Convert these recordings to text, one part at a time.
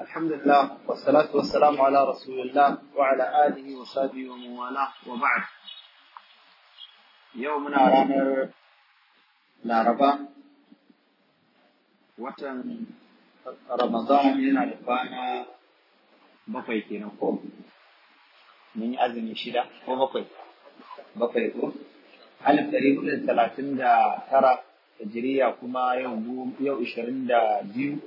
الحمد لله والصلاة والسلام على رسول الله وعلى آله وصحبه ومواله وبعد يومنا رانر العربة وطن رمضان من الفانا بفيت نقوم من أذن الشدة وبفيت بفيت أنا قريب من ثلاثين ترى تجريا كما يوم يوم إشرين ديو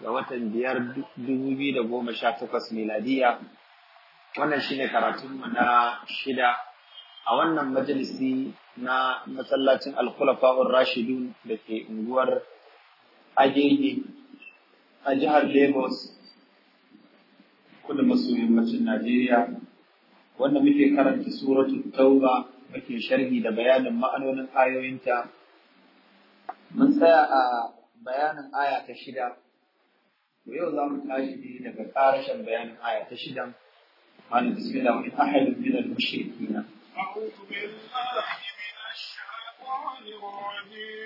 ga watan biyar dubu biyu da goma sha takwas miladiya wannan shine karatunmu na shida a wannan majalisi na masallacin alkulafa'ur rashidun da ke unguwar agege a jihar lagos kudu maso yammacin najeriya wanda muke karanta suratul tauba muke sharhi da bayanin ma'anonin ayoyinta mun tsaya a bayanin aya ta shida ويو زام تاشي دي daga karashin bayanin aya ta shidan wani bismillah wani ahadin min al-mushrikina a'udhu billahi minash shaitanir rajim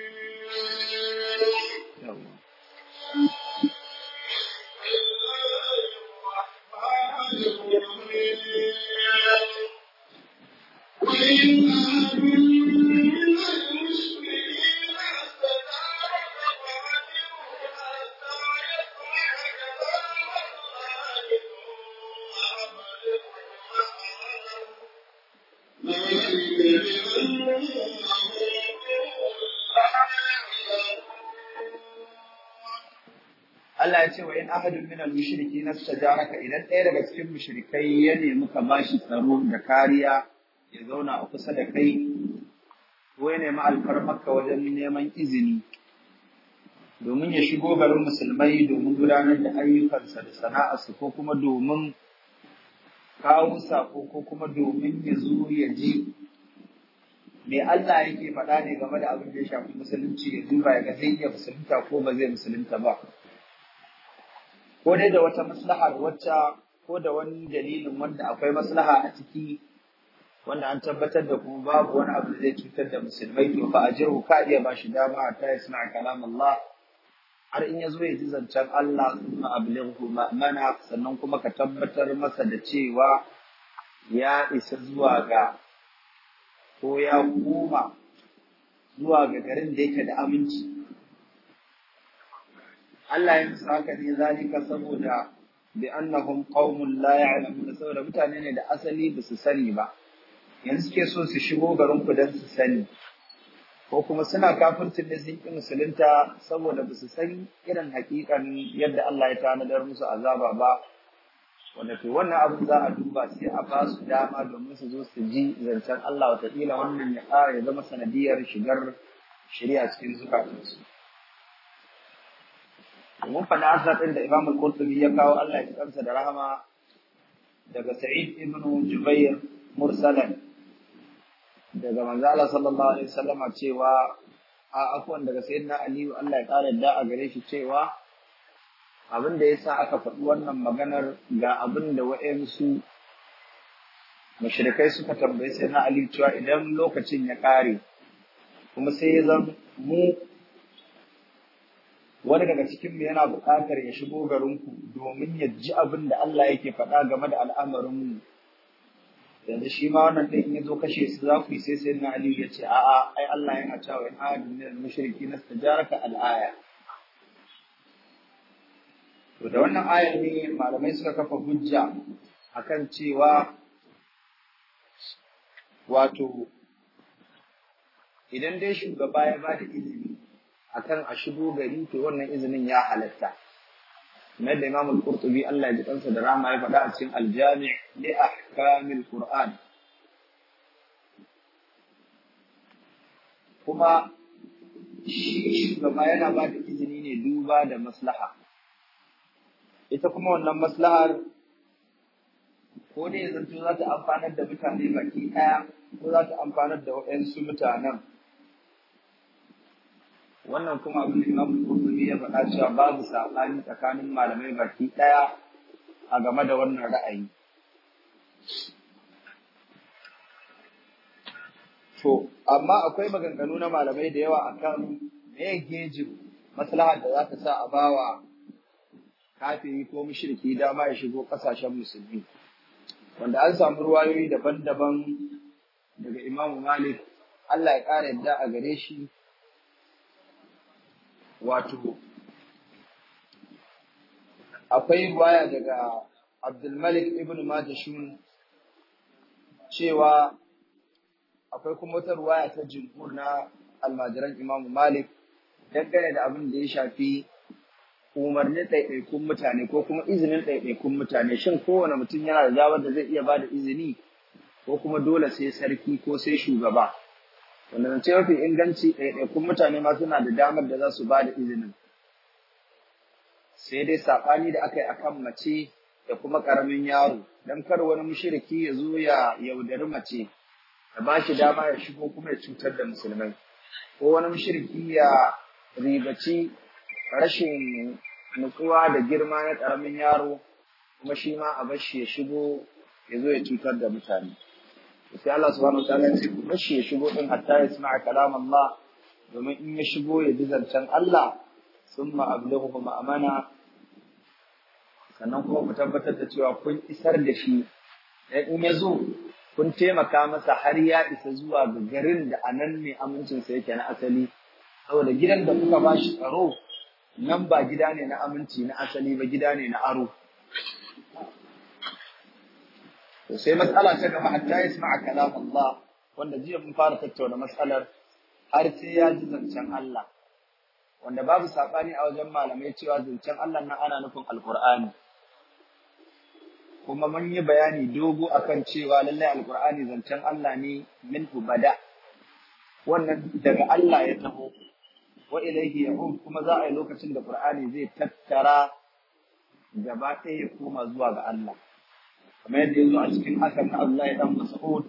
ahadun min al-mushriki nastajaraka idan ɗaya daga cikin mushrikai ya nemi ka bashi tsaro da kariya ya zauna a kusa da kai ko ya nemi alfarmarka wajen neman izini domin ya shigo garin musulmai domin gudanar da ayyukansa da sana'arsa ko kuma domin kawo sako ko kuma domin ya zo ya ji me Allah yake faɗa ne game da abin da ya shafi musulunci ya duba ya ga zai iya musulunta ko ba zai musulunta ba ko dai da wata maslahar wacce ko da wani dalilin wanda akwai maslaha a ciki wanda an tabbatar da kuma babu wani abu zai cutar da musulmai to fa ajiru ka iya ba shi dama ta ya suna kalam Allah har in ya zo ya ji zancen Allah thumma ablighu mana sannan kuma ka tabbatar masa da cewa ya isa zuwa ga ko ya koma zuwa ga garin da yake da aminci Allah ya musu haka ne zalika saboda bi annahum qaumun la ya'lamun saboda mutane ne da asali ba su sani ba yanzu suke so su shigo garin ku dan su sani ko kuma suna kafircin da sun musulunta saboda ba su san irin haƙiƙan yadda Allah ya tanadar musu azaba ba wanda to wannan abu za a duba sai a ba su dama domin su zo su ji zancen Allah wataƙila wannan ya ƙara ya zama sanadiyar shigar shari'a cikin zukatansu. mun faɗi asar ɗin da Imam al ya kawo Allah ya kansa da rahama daga Sa'id Ibnu Jubair mursalan daga Manzala sallallahu alaihi wasallam cewa a afwan daga sayyidina Ali Allah ya ƙara da a gare shi cewa abin da yasa aka faɗi wannan maganar ga abin da wa'ansu mushrikai suka tambaye sayyidina Ali cewa idan lokacin ya ƙare kuma sai ya zama. mu wani daga cikin mu yana buƙatar ya shigo garinku domin ya ji abin da Allah yake faɗa game da al'amarin mu yanzu shi ma wannan ɗin ya zo kashe su za ku yi sai sai na Aliyu ya ce a'a ai Allah yana cewa in ahadun min da mushriki na tajaraka al'aya to da wannan ayar ne malamai suka kafa hujja akan cewa wato idan dai shugaba ya ba da izini akan a shigo gari to wannan izinin ya halatta Na da Imam al Allah ya ji kansa da rama ya faɗa a cikin Al-Jami' li ahkamil Qur'an kuma shi yana ba da izini ne duba da maslaha ita kuma wannan maslahar ko dai zanto za ta amfanar da mutane baki ɗaya ko za ta amfanar da waɗansu mutanen wannan kuma abin da Imam Qurtubi ya faɗa cewa babu saɓani tsakanin malamai baki ɗaya a game da wannan ra'ayi to amma akwai maganganu na malamai da yawa akan me gejin maslahar da za ta sa a bawa kafiri ko mushriki dama ya shigo ƙasashen musulmi wanda an samu ruwayoyi daban-daban daga Imam Malik Allah ya ƙara yadda a gare shi wato akwai ruwaya daga Abdulmalik ibn Majashun cewa akwai kuma wata ruwaya ta jumhur na almajiran Imamu Malik dangane da abin da ya shafi umarnin ɗaiɗaikun mutane ko kuma izinin ɗaiɗaikun mutane shin kowane mutum yana da damar da zai iya ba da izini ko kuma dole sai sarki ko sai shugaba wanda zance mafi inganci kuma mutane ma suna da damar da za su ba da izinin sai dai saɓani da aka yi akan mace da kuma ƙaramin yaro don kar wani mushiriki ya zo ya yaudari mace da ba shi dama ya shigo kuma ya cutar da musulmai ko wani mushiriki ya ribaci rashin nutsuwa da girma na ƙaramin yaro kuma shi ma a bashi ya shigo ya zo ya cutar da mutane sai Allah subhanahu wa ta'ala ya ce ku bashi shigo din hatta ya sima kalam Allah domin in ya shigo ya ji zancen Allah summa ablahu kuma amana sannan kuma ku tabbatar da cewa kun isar da shi dan in ya zo kun taimaka masa har ya isa zuwa ga garin da anan ne amincinsa yake na asali saboda gidan da kuka ba shi tsaro nan ba gida ne na aminci na asali ba gida ne na aro sai matsala ta gaba hatta ya sama kalam Allah wanda jiya mun fara tattauna matsalar har sai ya ji zancen Allah wanda babu sabani a wajen malamai cewa zancen Allah nan ana nufin alqur'ani kuma mun yi bayani dogo akan cewa lallai alqur'ani zancen Allah ne min bada wannan daga Allah ya taho wa ilaihi yahum kuma za a yi lokacin da Qur'ani zai tattara gaba ɗaya ya koma zuwa ga Allah kamar yadda yazo a cikin asar na Allah ya dan Mas'ud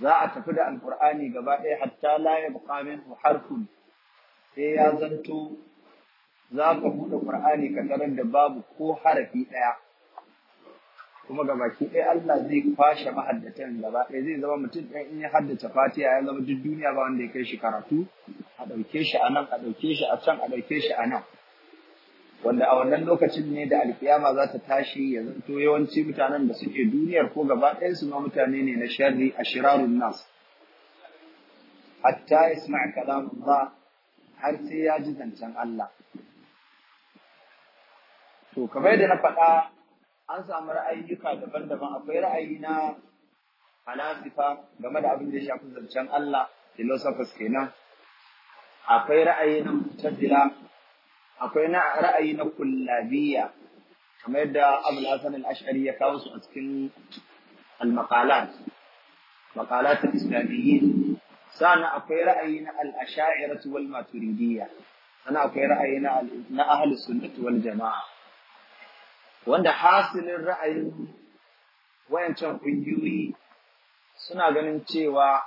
za a tafi da alqur'ani gaba ɗaya hatta la yabqa minhu harfun sai ya zanto za ka buɗe ƙur'ani ka tarar da babu ko harafi ɗaya kuma gabaki ɗaya Allah zai kwashe mahaddatan gaba ɗaya zai zama mutum ɗan in ya haddace Fatiya ya zama duk duniya ba wanda ya kai shi karatu a ɗauke shi a nan a ɗauke shi a can a ɗauke shi a nan wanda a wannan lokacin ne da alkiyama za ta tashi ya zanto yawanci mutanen da suke duniyar ko gaba ɗaya su ma mutane ne na sharri a shirarun nas hatta ya sami kalamullah har sai ya ji zancen Allah to kamar da na faɗa an samu ra'ayyuka daban-daban akwai ra'ayi na falasifa game da abin da ya shafi zancen Allah philosophers kenan akwai ra'ayi na mutazila akwai na ra'ayi na kullabiya kamar yadda Abul Hasan al ya kawo su a cikin al-maqalat maqalat maqalat al sana akwai ra'ayi na al-ash'ariyya wal maturidiyya sana akwai ra'ayi na na ahli sunnah wal jamaa wanda hasilin ra'ayin wayancan kungiyoyi suna ganin cewa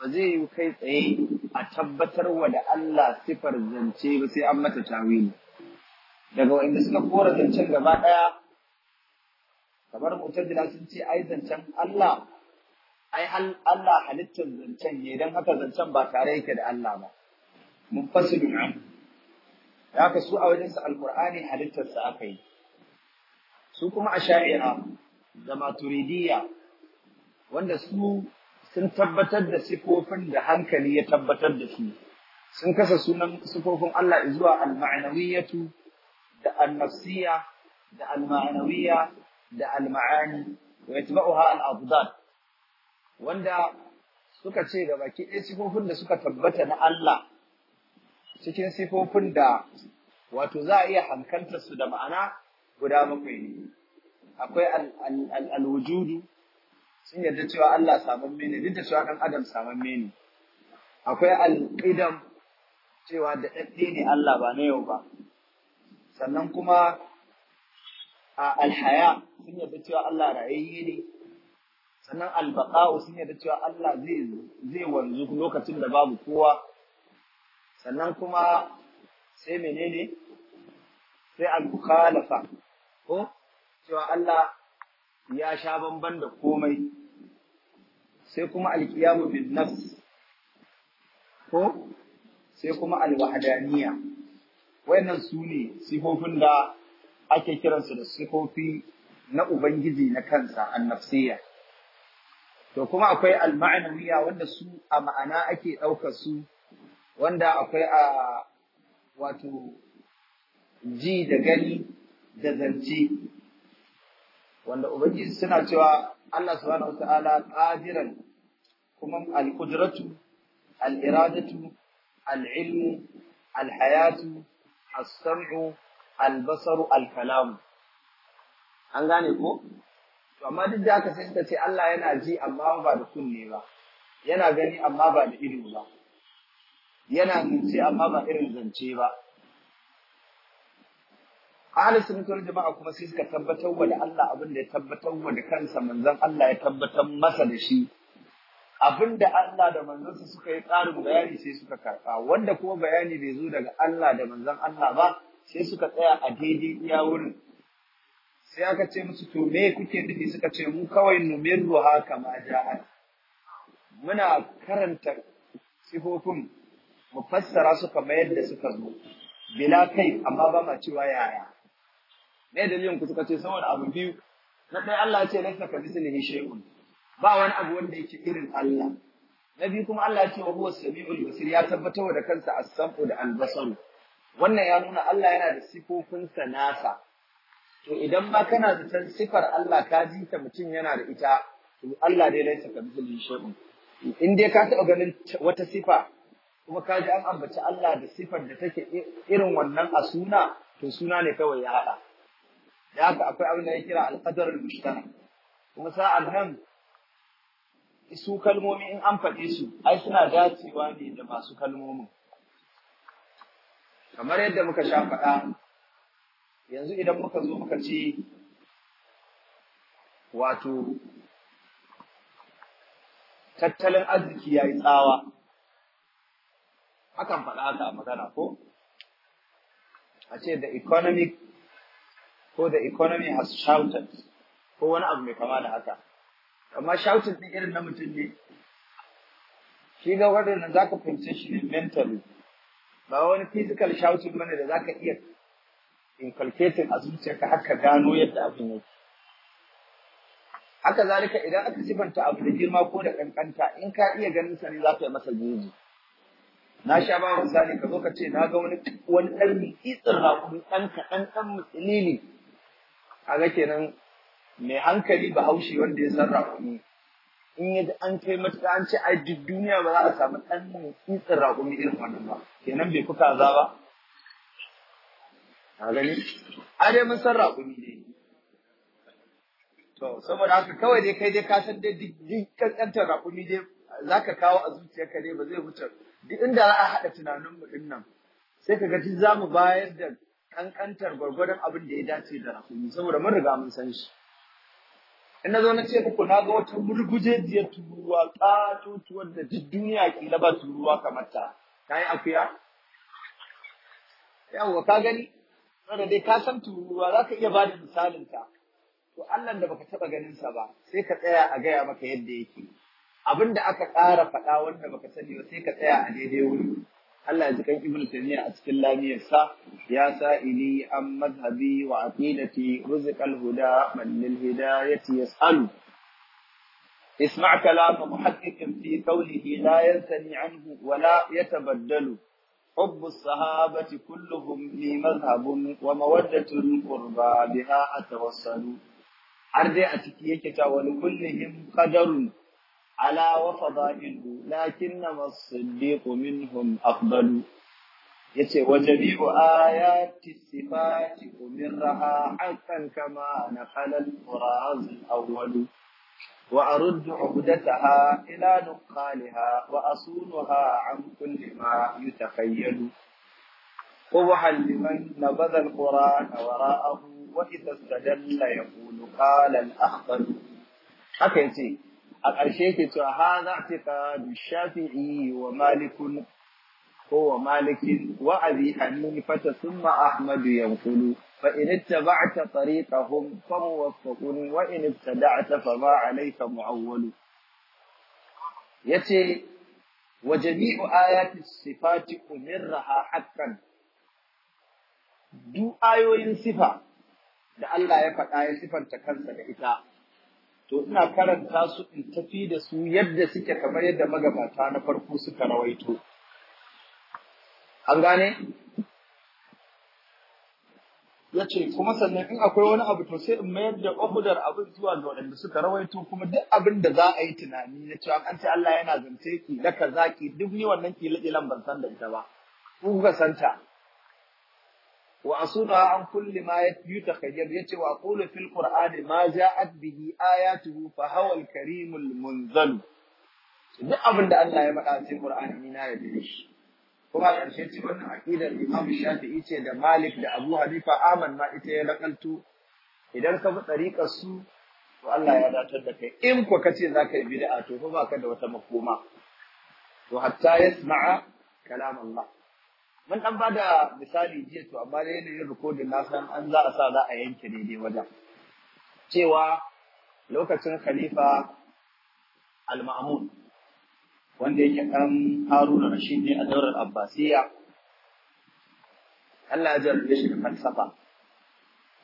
ba zai yi kai tsaye a tabbatar wa da Allah sifar zance ba sai an mata tawili daga wanda suka kora zancen gaba ɗaya kamar mutajila sun ce ai zancen Allah ai Allah halittar zancen ne don haka zancen ba tare yake da Allah ba mun fasilu ya ka su a wajensa alkur'ani halittarsa aka yi su kuma a sha'ira da maturidiyya wanda su sun tabbatar da sifofin da hankali ya tabbatar da su sun kasa sunan sifofin Allah zuwa al-ma'anawiyatu da al-nafsiyya da al-ma'anawiyya da al-ma'ani wa yatba'uha al wanda suka ce ga baki ɗaya sifofin da suka tabbata na Allah cikin sifofin da wato za a iya hankaltar su da ma'ana guda bakwai ne akwai al-wujudu sun yarda cewa Allah samamme ne duk da cewa kan adam samamme ne akwai al’idam cewa da ɗaɗɗe ne Allah ba na yau ba sannan kuma a alhaya sun yarda cewa Allah rayayye ne sannan albaƙa'u sun yarda cewa Allah zai wanzu lokacin da babu kowa sannan kuma sai menene sai al bukhalafa ko cewa Allah ya sha bamban da komai sai kuma alkiyamu bin nafs ko sai kuma alwahadaniya wayannan su ne sifofin da ake kiransu da sifofi na ubangiji na kansa annafsiyya to kuma akwai alma'anawiya wanda su a ma'ana ake ɗaukar su wanda akwai a wato ji da gani da zance wanda ubangiji suna cewa Allah subhanahu wata'ala qadiran kuma al-qudratu al-iradatu al-ilmu al-hayatu as-sam'u al-basaru al-kalam an gane ko to amma duk da haka sai suka ce Allah yana ji amma ba da kunne ba yana gani amma ba da ido ba yana zance amma ba irin zance ba ahli sunnah wal jama'a kuma sai suka tabbatar wa da Allah abin da ya tabbatar wa da kansa manzon Allah ya tabbatar masa da shi abin da Allah da manzonsa suka yi tsarin bayani sai suka karɓa wanda kuma bayani bai zo daga Allah da manzon Allah ba sai suka tsaya a daidai iya wurin sai aka ce musu to me kuke nufi suka ce mu kawai numiru haka ma ja'al muna karanta sifofin mu fassara su kamar yadda suka zo bila kai amma ba ma cewa yaya me dalilin ku suka ce saboda abu biyu na ɗaya Allah ya ce laisa ka mislihi shay'un ba wani abu wanda yake irin Allah na biyu kuma Allah ya ce wa huwa samiul basir ya tabbatar da kansa as-sam'u da al-basar wannan ya nuna Allah yana da sifofin sa nasa to idan ma kana da san sifar Allah ka ji ta mutum yana da ita to Allah dai laisa ka mislihi shay'un in dai ka taɓa ganin wata sifa kuma ka ji an ambaci Allah da sifar da take irin wannan a suna to suna ne kawai ya haɗa da akwai abin da ya kira alƙadar mushtara kuma sa'an nan su kalmomi in an faɗe su ai suna dacewa ne da masu kalmomin kamar yadda muka sha yanzu idan muka zo muka ce wato tattalin arziki ya yi tsawa akan faɗa haka magana ko a ce da economic ko da economy has shouted ko wani abu mai kama da haka amma shouted din irin na mutum ne shi ga waɗannan za ka fahimci shi ne mentally ba wani physical shouting bane da za ka iya inculcating a ka haka gano yadda abin ne haka zalika idan aka sifanta abu da girma ko da kankanta in ka iya ganin sa ne za ka yi masa jiji na sha ba misali ka zo ka ce na ga wani wani ɗan mitsin rakumi ɗan kaɗan ɗan musulili kaga kenan mai hankali ba haushi wanda ya san raƙumi in yadda an kai matuƙa an ce ai duk duniya ba za a samu ɗan tsintsin raƙumi irin wannan ba kenan bai fi kaza ba a gani a dai mun san raƙumi ne to saboda haka kawai dai kai dai ka san dai duk kankantar raƙumi dai za ka kawo a zuciyarka dai ba zai wuce duk inda za a haɗa tunaninmu ɗin nan sai ka ga duk za mu bayar da kankantar gwargwadon abin da ya dace da rakumi saboda mun riga mun san shi in na zo na ce muku na ga wata murguje murgujejiyar turuwa katutuwar da duk duniya ke laba turuwa kamar ta ta yi akuya yawwa ka gani wanda dai ka san turuwa za ka iya ba da misalin ta to Allah da baka taba ganin sa ba sai ka tsaya a gaya maka yadda yake abin da aka ƙara faɗa wanda baka sani ba sai ka tsaya a daidai wuri Allah ya ji kan Ibn Taymiyyah a cikin lamiyarsa ya sa ili an mazhabi wa aqidati rizqal huda man lil hidayati yas'alu اسمع كلام محقق في قوله لا ينثني عنه ولا يتبدل حب الصحابة كلهم لي مذهب ومودة القربى بها أتوصل أرجع أتكيك ولكلهم قدر ala wa fada'ilu lakinnama as-siddiqu minhum afdalu yace wa jami'u ayati sifati umirraha haqqan kama naqala al-quraz al-awwal wa aruddu ubdataha ila nuqaliha wa asunuha an kulli ma yutakhayyalu قبحا لمن نبذ القرآن وراءه وإذا استدل يقول قال الأخضر حكيتي a ƙarshe yake cewa ha za a shafi'i wa malikun ko wa malikin wa'azi abi hanifata summa ahmadu Yankulu. fa in ittaba'ta tariqahum fa muwaffaqun wa in ibtada'ta fa ma alayka mu'awwalu yace wa jami'u ayati sifati umirraha hakan. du ayoyin sifa da Allah ya faɗa ya sifanta kansa da ita to ina karanta su in tafi da su yadda suke kamar yadda magabata na farko suka rawaito an gane ya ce kuma sannan in akwai wani abu to sai in mayar da ƙwafudar abin zuwa ga waɗanda suka rawaito kuma duk abin da za a yi tunani na cewa an ce Allah yana zance ki laka zaƙi, duk ni wannan kila kilan ban san da ita ba ku ga santa wa an kulli ma yutakhayyar yace wa qulu fil qur'ani ma ja'at bihi ayatuhu hawal karimul munzal duk abin da Allah ya faɗa cikin qur'ani ni na yarda shi kuma ƙarshe ce wannan aqidar Imam Shafi'i ce da Malik da Abu Hanifa aman ma ita ya lakanto idan ka bi tsarikar su to Allah ya datar da kai in ko kace zaka yi bid'a to fa baka da wata makoma to hatta yasma'a kalam Allah mun dan da misali jiya to amma da yanayin rikodin na san an za a sa za a yanke daidai wajen cewa lokacin khalifa al-ma'mun wanda yake dan haruna rashid ne a daular abbasiya Allah ya jarrabe shi da falsafa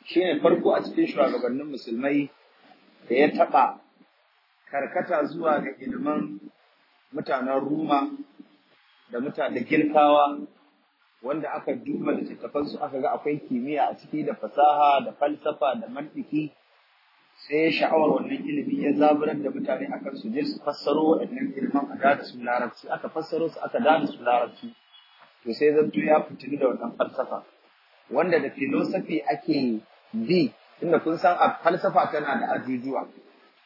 shine farko a cikin shugabannin musulmai da ya taɓa karkata zuwa ga ilman mutanen ruma da mutanen girkawa wanda aka duba littattafan su aka ga akwai kimiyya a ciki da fasaha da falsafa da mantiki sai sha'awar wannan ilimi ya zaburar da mutane akan su je su fassaro waɗannan ilimin a gane su larabci aka fassaro su aka gane su larabci to sai zanto ya fitini da wannan falsafa wanda da filosofi ake bi inda kun san a falsafa tana da ajujuwa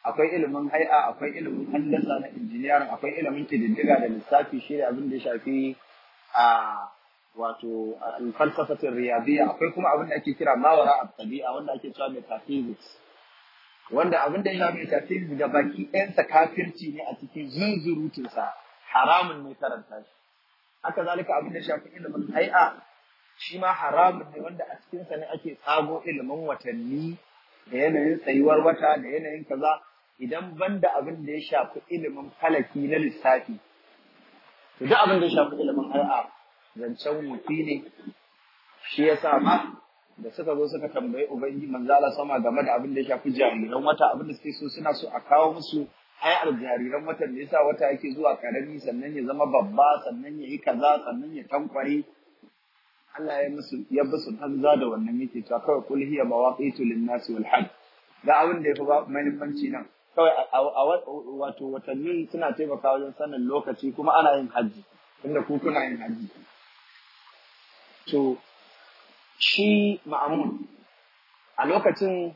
akwai ilimin hai'a akwai ilimin handasa na injiniyar, akwai ilimin kididdiga da lissafi shi da abin da ya shafi a ah, wato falsafatin riyadiyya akwai kuma abin da ake kira mawara a tabi'a wanda ake cewa metaphysics wanda abin da yana metaphysics ga baki ɗayansa kafirci ne a cikin zunzurutunsa haramun ne karanta shi haka zalika abin da shafi ilimin hai'a shi ma haramun ne wanda a cikinsa ne ake tsago ilimin watanni da yanayin tsayuwar wata da yanayin kaza idan banda abin da ya shafi ilimin falaki na lissafi to duk abin da ya shafi ilimin hai'a zancen wuti ne shi ya sa ma da suka zo suka tambayi ubangiji manzo Allah sama game da abin da ya shafi jariran wata abin da suke so suna so a kawo musu ayar jariran watan da yasa wata yake zuwa karami sannan ya zama babba sannan ya yi kaza sannan ya tankwari Allah ya musu ya bi tanza da wannan yake to kawai kul hiya mawaqitu lin-nasi wal hajj da abin da yafi muhimmanci nan kawai wato watannin suna taimakawa wajen sanin lokaci kuma ana yin hajji, tunda ku kuna yin hajji. To, shi ma'amun a lokacin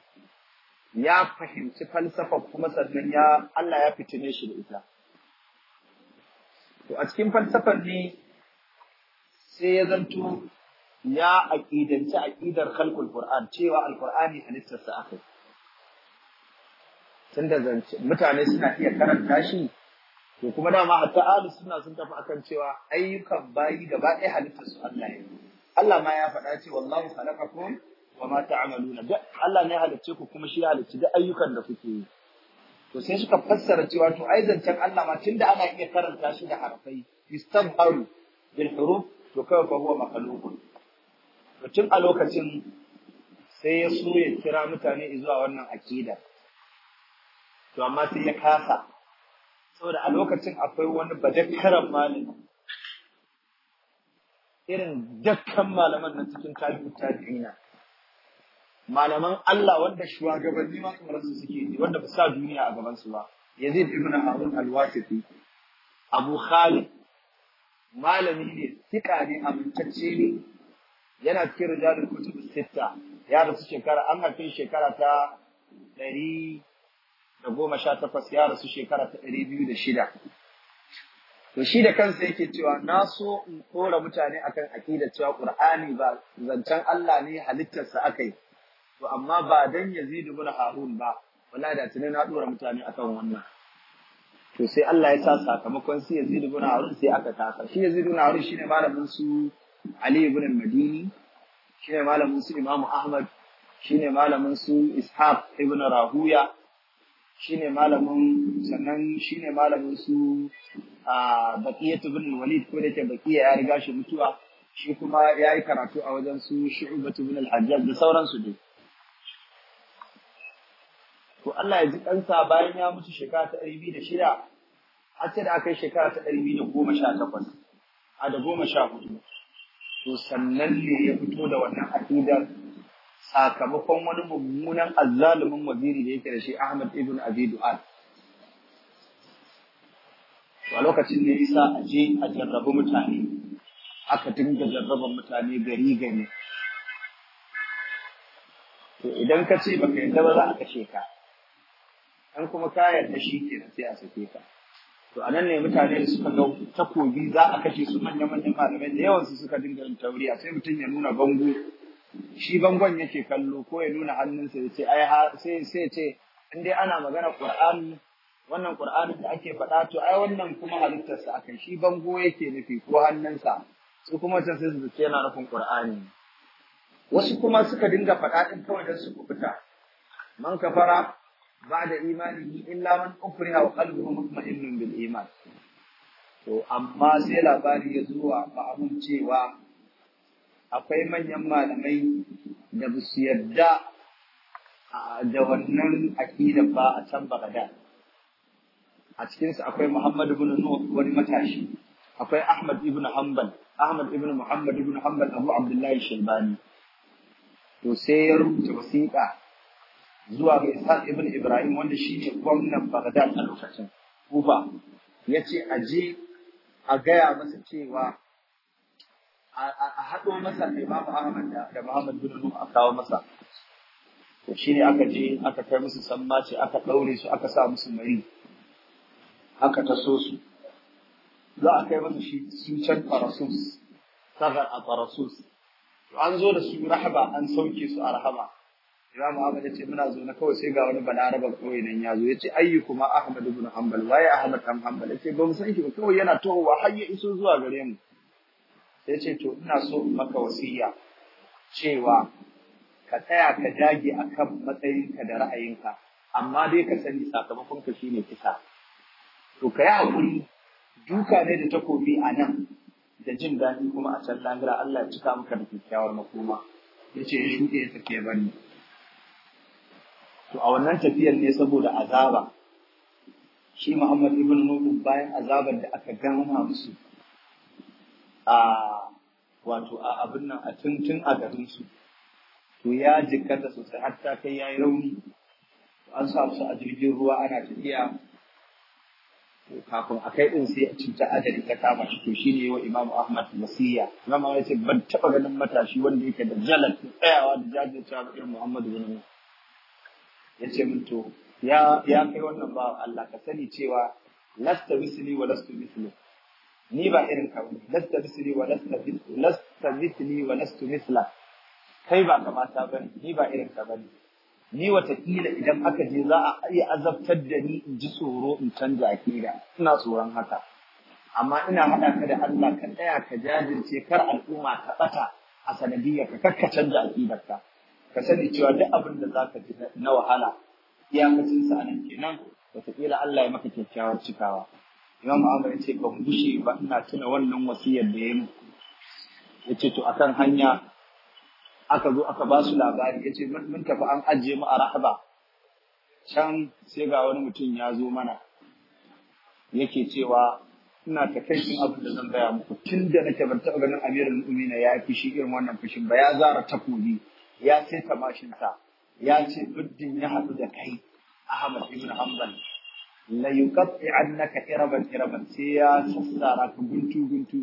ya fahimci falsafa kuma sannan ya Allah ya fitine shi da ita. To, a cikin falsafar ne sai ya zanto ya aƙidanci aƙidar halkul Qur'an cewa alƙur'ani halittarsa aka yi. Tunda zance mutane suna iya karanta shi to kuma dama hatta ahlus sunna sun tafi akan cewa ayyukan bayi gaba ɗaya halittarsu Allah ya yi. Allah ma ya faɗa ce wallahu khalaqakum wa ma ta'maluna da Allah ne halicce ku kuma shi halicce. da ayyukan da kuke yi to sai suka fassara cewa to ai zancan Allah ma tunda ana iya karanta shi da harfai istabharu bil huruf to kai fa huwa makhluqun to tun a lokacin sai ya so ya kira mutane zuwa wannan akida to amma sai ya kasa saboda a lokacin akwai wani badakkaran malami irin dakkan malaman na cikin tabi'u malaman Allah wanda shugabanni ma kamar su suke yi, wanda ba sa duniya a gaban su ba Yazid ibn Harun al-Wasiti Abu Khalid malami ne sika ne amintacce ne yana cikin rijalul kutub sita. ya rasu shekara an haife shekara ta ɗari da goma sha takwas ya rasu shekara ta ɗari biyu da shida to shi da kansa yake cewa na so in kora mutane akan aƙida cewa ƙur'ani ba zancen Allah ne halittarsa aka yi to amma ba dan yazidu ibn Harun ba wala da tunai na dora mutane akan wannan to sai Allah ya sa sakamakon su yazidu ibn Harun sai aka taka shi yazidu ibn Harun shine malamin su Ali ibn al-Madini shine malamin su Imam Ahmad shine malamin su Ishaq ibn Rahuya shine malamin sannan shine malamin su a ta bin Walid ko da ke bakiya ya riga shi mutuwa shi kuma ya yi karatu a wajen su Shu'bat ta al-Hajjaj da sauransu dai to Allah ya ji kansa bayan ya mutu shekara ta 206 har sai da aka yi shekara ta 218 a da 14 to sannan ne ya fito da wannan aqidar sakamakon wani mummunan azzalumin waziri da yake da shi Ahmad ibn Abi Du'al a lokacin da isa a je a jarrabi mutane aka dinga jarraban mutane gari gari to idan ka ce baka yadda ba za a kashe ka ɗan kuma ka yarda shi ke sai a sake ka to anan ne mutane suka ga takobi za a kashe su manya manyan malamai da yawansu suka dinga yin tauriya sai mutum ya nuna bango shi bangon yake kallo ko ya nuna hannunsa ya ce ai sai sai ce in dai ana magana Qur'ani wannan Qur'ani da ake faɗa to ai wannan kuma halittarsa akai shi bango yake nufi ko hannunsa su kuma can sai su ce yana nufin Qur'ani wasu kuma suka dinga faɗa din kawai dan su kubuta man kafara da imanihi illa man ukriha wa qalbuhu mutma'innun bil iman to amma sai labari ya zuwa ba abun cewa akwai manyan malamai da ba su yarda da wannan aƙida ba a can bagada A cikinsu akwai Muhammad ibn Nuh wani matashi, akwai Ahmad ibn Hanbal, Ahmad ibn Muhammad ibn Hanbal Abu Abdullahi Shaibani. To sai ya rubuta wasiƙa zuwa ga Isaac ibn Ibrahim wanda shi ne gwamnan bagada a lokacin. Uba ya ce a je a gaya masa cewa a haɗo masa Imam Ahmad da Muhammad bin Nuh a kawo masa to shine aka je aka kai musu sammaci aka ɗaure su aka sa musu mai aka taso su za a kai masa shi su can farasus sagar a farasus an zo da su rahaba an sauke su a rahama Imam Ahmad ya ce muna zo na kawai sai ga wani balaraban koyi nan ya zo ya ce ayyu kuma Ahmad ibn Hanbal waye Ahmad dan Hanbal ya ce ba mu san shi ba kawai yana tohowa har ya iso zuwa gare mu sai ce to ina so maka wasiya cewa ka tsaya ka dage akan matsayinka da ra'ayinka amma dai ka sani sakamakon ka shine kisa to ka yi haƙuri duka ne da takobi a nan da jin daɗi kuma a can lahira Allah ya cika maka da kyakkyawar makoma ya ce ya shuɗe ya sake bani to a wannan tafiyar ne saboda azaba shi Muhammad ibn Nuhu bayan azabar da aka gama musu a wato a abin nan a tuntun a garin su to ya jikkata sosai hatta kai yayi rauni an sa musu a jirgin ruwa ana tafiya kafin a kai din sai a cuta ajali ta kama shi to shine yawa Imam Ahmad masiya. Imam Ahmad ce ban taba ganin matashi wanda yake da jalal tsayawa da jajircewa da irin Muhammad bin yace min to ya ya kai wannan ba Allah ka sani cewa lasta misli wa lastu misli ni ba irin ka bane lasta misli wa lasta lasta misli wa lasta misla kai ba kamata bane ni ba irin ka bane ni watakila idan aka je za a iya azabtar da ni in ji tsoro in canza akida ina tsoron haka amma ina haɗa ka da Allah ka tsaya ka jajirce kar al'umma ka ɓata a sanadiyar ka kar ka canza aƙidarka ka sani cewa duk abin da za ka ji na wahala iyakacin sa nan kenan kila Allah ya maka kyakkyawar cikawa Imam Ahmad ce ban gushe ba ina tuna wannan wasiyar da ya mu Ya ce to akan hanya aka zo aka ba su labari ya ce mun tafi an ajiye mu a rahaba. Can sai ga wani mutum ya zo mana yake cewa ina ta kai abin da zan gaya muku tun da nake ban taɓa ganin Amirul Mu'mina ya yi fushi irin wannan fushin ba ya zara takobi ya ce tamashinsa ya ce muddin ya haɗu da kai Ahmad ibn Hanbal la yuqatti annaka iraban iraban sai ya sassara ka guntu guntu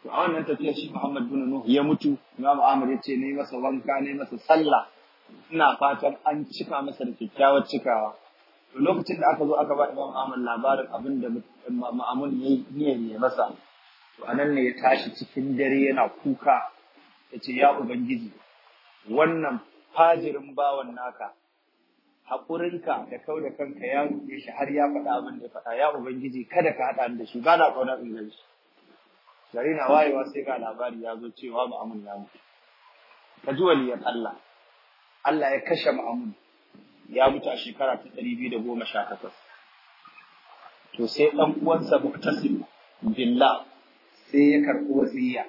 to a wannan tafiya shi Muhammad bin Nuh ya mutu Imam Ahmad ya ce ne masa wanka ne masa sallah ina fatan an cika masa da kyakkyawar cikawa to lokacin da aka zo aka ba Imam Ahmad labarin abin da Ma'amun ya masa to anan ne ya tashi cikin dare yana kuka ya ce ya ubangiji wannan fajirin bawan naka haƙurinka da kau da kanka ya rufe shi har ya faɗa abin da ya faɗa ya ubangiji kada ka haɗa da shi ba na ƙaunar inganci gari na wayewa sai ga labari ya zo cewa ma'amun ya mutu ka ji waliyar Allah Allah ya kashe ma'amun ya mutu a shekara ta ɗari biyu da goma sha takwas to sai ɗan uwansa muktasim billah sai ya karɓi wasiya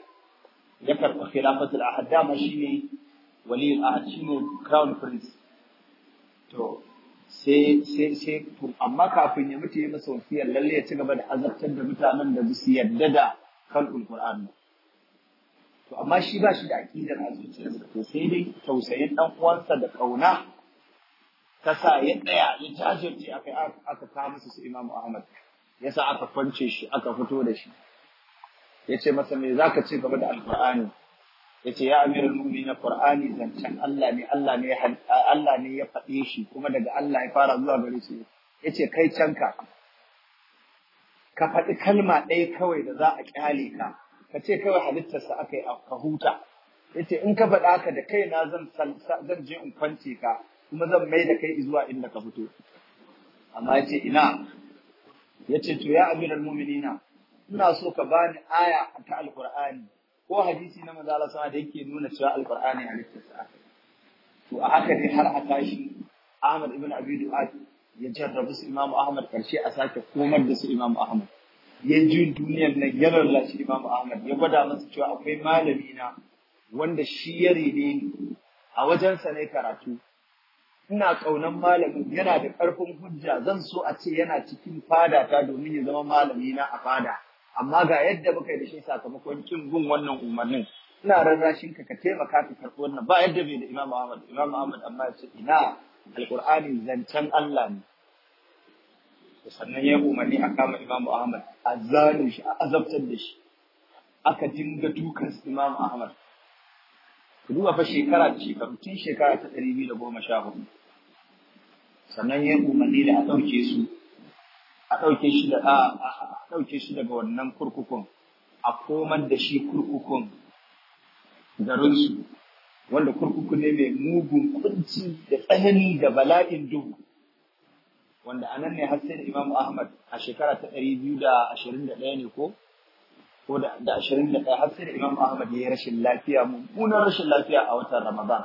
ya karɓi khilafatul ahad dama shine waliyul ahad shine crown prince to sai sai sai to amma kafin ya mutu ya masa wasiyar lalle ya ci gaba da azabtar da mutanen da su yadda da kan qur'an to amma shi ba shi da aqidar a zuciyarsa to sai dai tausayin ɗan uwansa da kauna ta sa ya tsaya ya jajirce aka aka ta musu su Imam Ahmad yasa aka kwance shi aka fito da shi yace masa me zaka ci gaba da alqur'ani yace ya amirul mu'minin qur'ani zancen Allah ne Allah ne Allah ne ya faɗe shi kuma daga Allah ya fara zuwa gare shi yace kai canka ka faɗi kalma ɗaya kawai da za a kyale ka ka ce kawai halittarsa aka yi ka huta yace in ka faɗa ka da kaina zan zan je in kwance ka kuma zan mai da kai zuwa inda ka fito amma yace ina yace to ya mu'minina ina so ka bani aya ta alqur'ani ko hadisi na manzo sama da yake nuna cewa alqur'ani halittar sa to a haka ne har aka shi Ahmad ibn Abi Du'ad ya jarrabu su Imam Ahmad karshe a sake komar da su Imam Ahmad ya ji duniyar nan ya lallashi Imam Ahmad ya gwada masa cewa akwai malami na wanda shi ya rene ni a wajensa ne karatu ina ƙaunar malamin yana da ƙarfin hujja zan so a ce yana cikin fadata domin ya zama malami na a fada amma ga yadda muka yi da shi sakamakon kin bin wannan umarnin ina rarrashin ka ka taimaka ka karɓi wannan ba yadda bai da Imam Ahmad Imam Ahmad amma ya ce ina alqur'ani zancen Allah ne sannan ya umarni a kama Imam Ahmad a zane shi a azabtar da shi aka dinga dukan Imam Ahmad ku duba fa shekara da shekaru tun shekara ta 2014 sannan ya umarni da a ɗauke su a ɗauke shi da a ɗauke shi daga wannan kurkukun a komar da shi kurkukun garinsu wanda kurkuku ne mai mugun kunci da tsanani da bala'in duhu wanda a nan ne har sai da Imam Ahmad a shekara ta ɗari biyu da ashirin da ɗaya ne ko ko da ashirin da ɗaya har sai da Imam Ahmad ya yi rashin lafiya mummunar rashin lafiya a watan Ramadan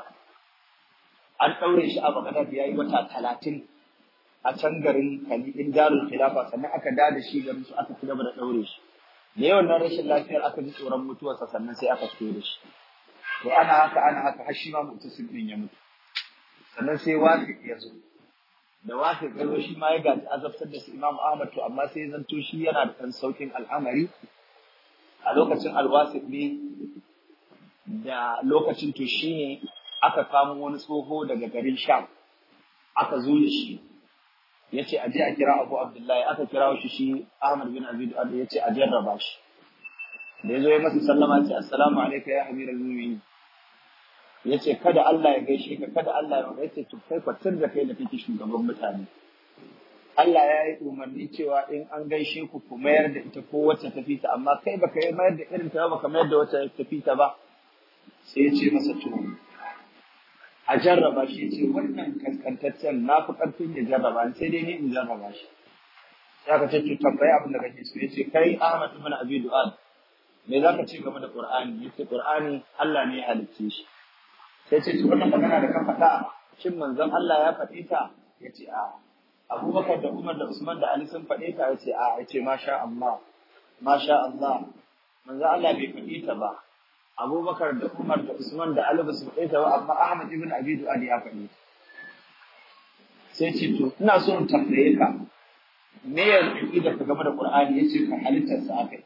an ɗaure shi a Baghdad ya yi wata talatin a can garin kalibin darul khilafa sannan aka da da shi garin su aka ci gaba da daure shi da yawan nan rashin lafiyar aka ji tsoron mutuwarsa sannan sai aka fito da shi to ana haka ana haka har shi ma mutusin din ya mutu sannan sai wasi ya zo da wasi ya zo shi ma ya gaji azabtar da su imam ahmad to amma sai zanto shi yana da ɗan al'amari a lokacin alwasi ne da lokacin to shi ne aka kamo wani tsoho daga garin sham aka zo da shi ya ce a a kira abu abdullahi aka kira shi shi ahmad bin abi ya ce a jarraba shi da ya zo ya masa sallama ce assalamu alaikum ya hamira mu'minin ya ce kada Allah ya gaishe ka kada Allah ya gaishe to kai kwatar da kai da kake shugaban mutane Allah ya yi umarni cewa in an gaishe ku ku mayar da ita ko wacce ta amma kai baka yi mayar da irin ta baka mayar da wacce ta ba sai ya ce masa to a jarraba shi ce wannan kaskantaccen na fi ƙarfin ya jarraba sai dai ni in jarraba shi ya ka ce tambayi abin da kake so ya ce kai Ahmad ibn Abi Du'al me za ka ce game da Qur'ani ce Qur'ani Allah ne ya halicce shi sai ce wannan magana da ka faɗa shin manzon Allah ya faɗe ta ce a Abubakar da Umar da Usman da Ali sun faɗe ta ce a ce masha Allah masha Allah manzon Allah bai faɗe ta ba abubakar da umar da usman da ali basu kai ta ba amma ahmad ibn abi du'ad ya faɗi sai ce to ina so in tambaye ka me ya da ka game da qur'ani yace ka halittar sa akai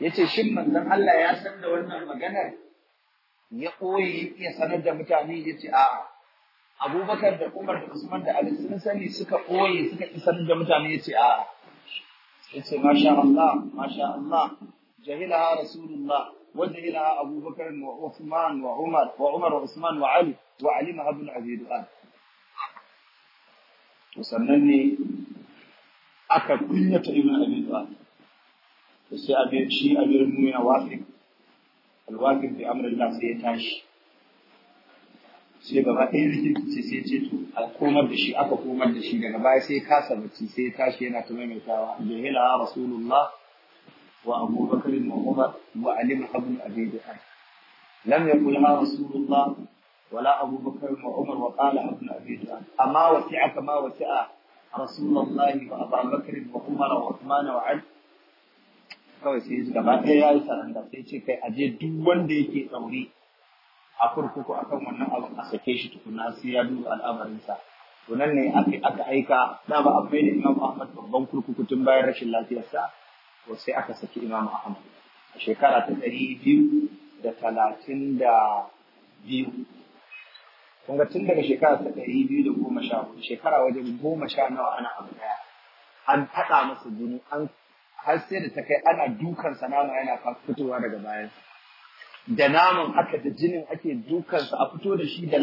yace shin manzon Allah ya san da wannan maganar ya koyi ya sanar da mutane yace a? abubakar da umar da usman da ali sun sani suka koyi suka isar da mutane ya a yace ce masha Allah masha Allah jahilaha rasulullah وجعلها أبو بكر وعثمان وعمر وعمر وعثمان وعلي وعلمها ابن أبي دؤان وسنني أكا كنية ابن أبي sai abin shi abin nuna wafi alwafin bi amrin sai ya tashi sai gaba ɗaya rikici sai ce to a komar da shi aka komar da shi daga baya sai kasa bacci sai ya tashi yana ta maimaitawa jahila rasulullah وأبو بكر وعمر وعلي بن أبي بكر لم يقلها رسول الله ولا أبو بكر وعمر وقال ابن أبي بكر أما وسع كما وسع رسول الله وأبا بكر وعمر وعثمان وعلي kawai sai gaba ɗaya ya yi saranda sai ce kai aje duk wanda yake tsauri a kurkuku akan wannan abu a sake shi tukuna sai ya duba al'amarinsa to nan ne aka aika da ba a mai da Imam Ahmad babban kurkuku tun bayan rashin lafiyarsa to sai aka saki Imam Ahmad a shekara ta ɗari biyu da talatin da biyu kun ga tun daga shekara ta ɗari biyu da goma sha hudu shekara wajen goma sha nawa ana abu ɗaya an faɗa masa jini an har sai da ta kai ana dukan sa nama yana fitowa daga bayan da naman aka da jinin ake dukansa a fito da shi da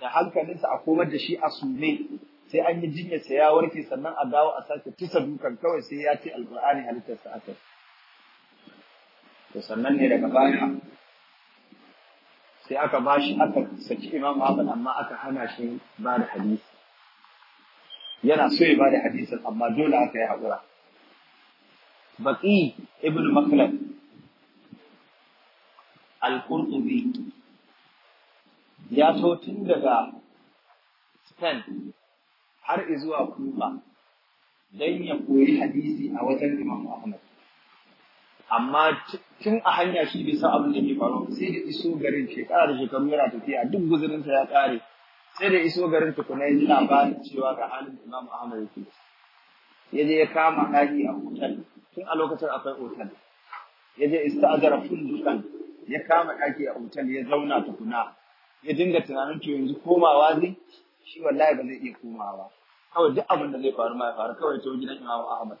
da hankalinsa a komar da shi a sume sai an yi jinya sai ya warke sannan a dawo a sake tusa dukan kawai sai ya ce alqur'ani halittarsa aka to sannan ne daga baya sai aka bashi aka saki Imam Ahmad amma aka hana shi ba da hadisi yana so ya ba da hadisin amma dole aka yi haƙura Baqi ibn Makhlad al-Qurtubi ya so tun daga Spain har zuwa kufa don ya koyi hadisi a wajen Imam Ahmad. Amma tun a hanya shi bai san abin da ke faru sai da iso garin shekara da shekaru yana tafiya duk guzurinsa ya ƙare sai da iso garin ta ya labarin cewa ga halin Imam Ahmad yake. Ya je ya kama ɗaki a otal tun a lokacin akwai otal. Ya je ista'adara fundukan ya kama ɗaki a otal ya zauna tukuna ya dinga tunanin to yanzu komawa ne shi wallahi ba zai iya komawa kawai duk abin da zai faru ma ya faru kawai ta gidan Imam Ahmad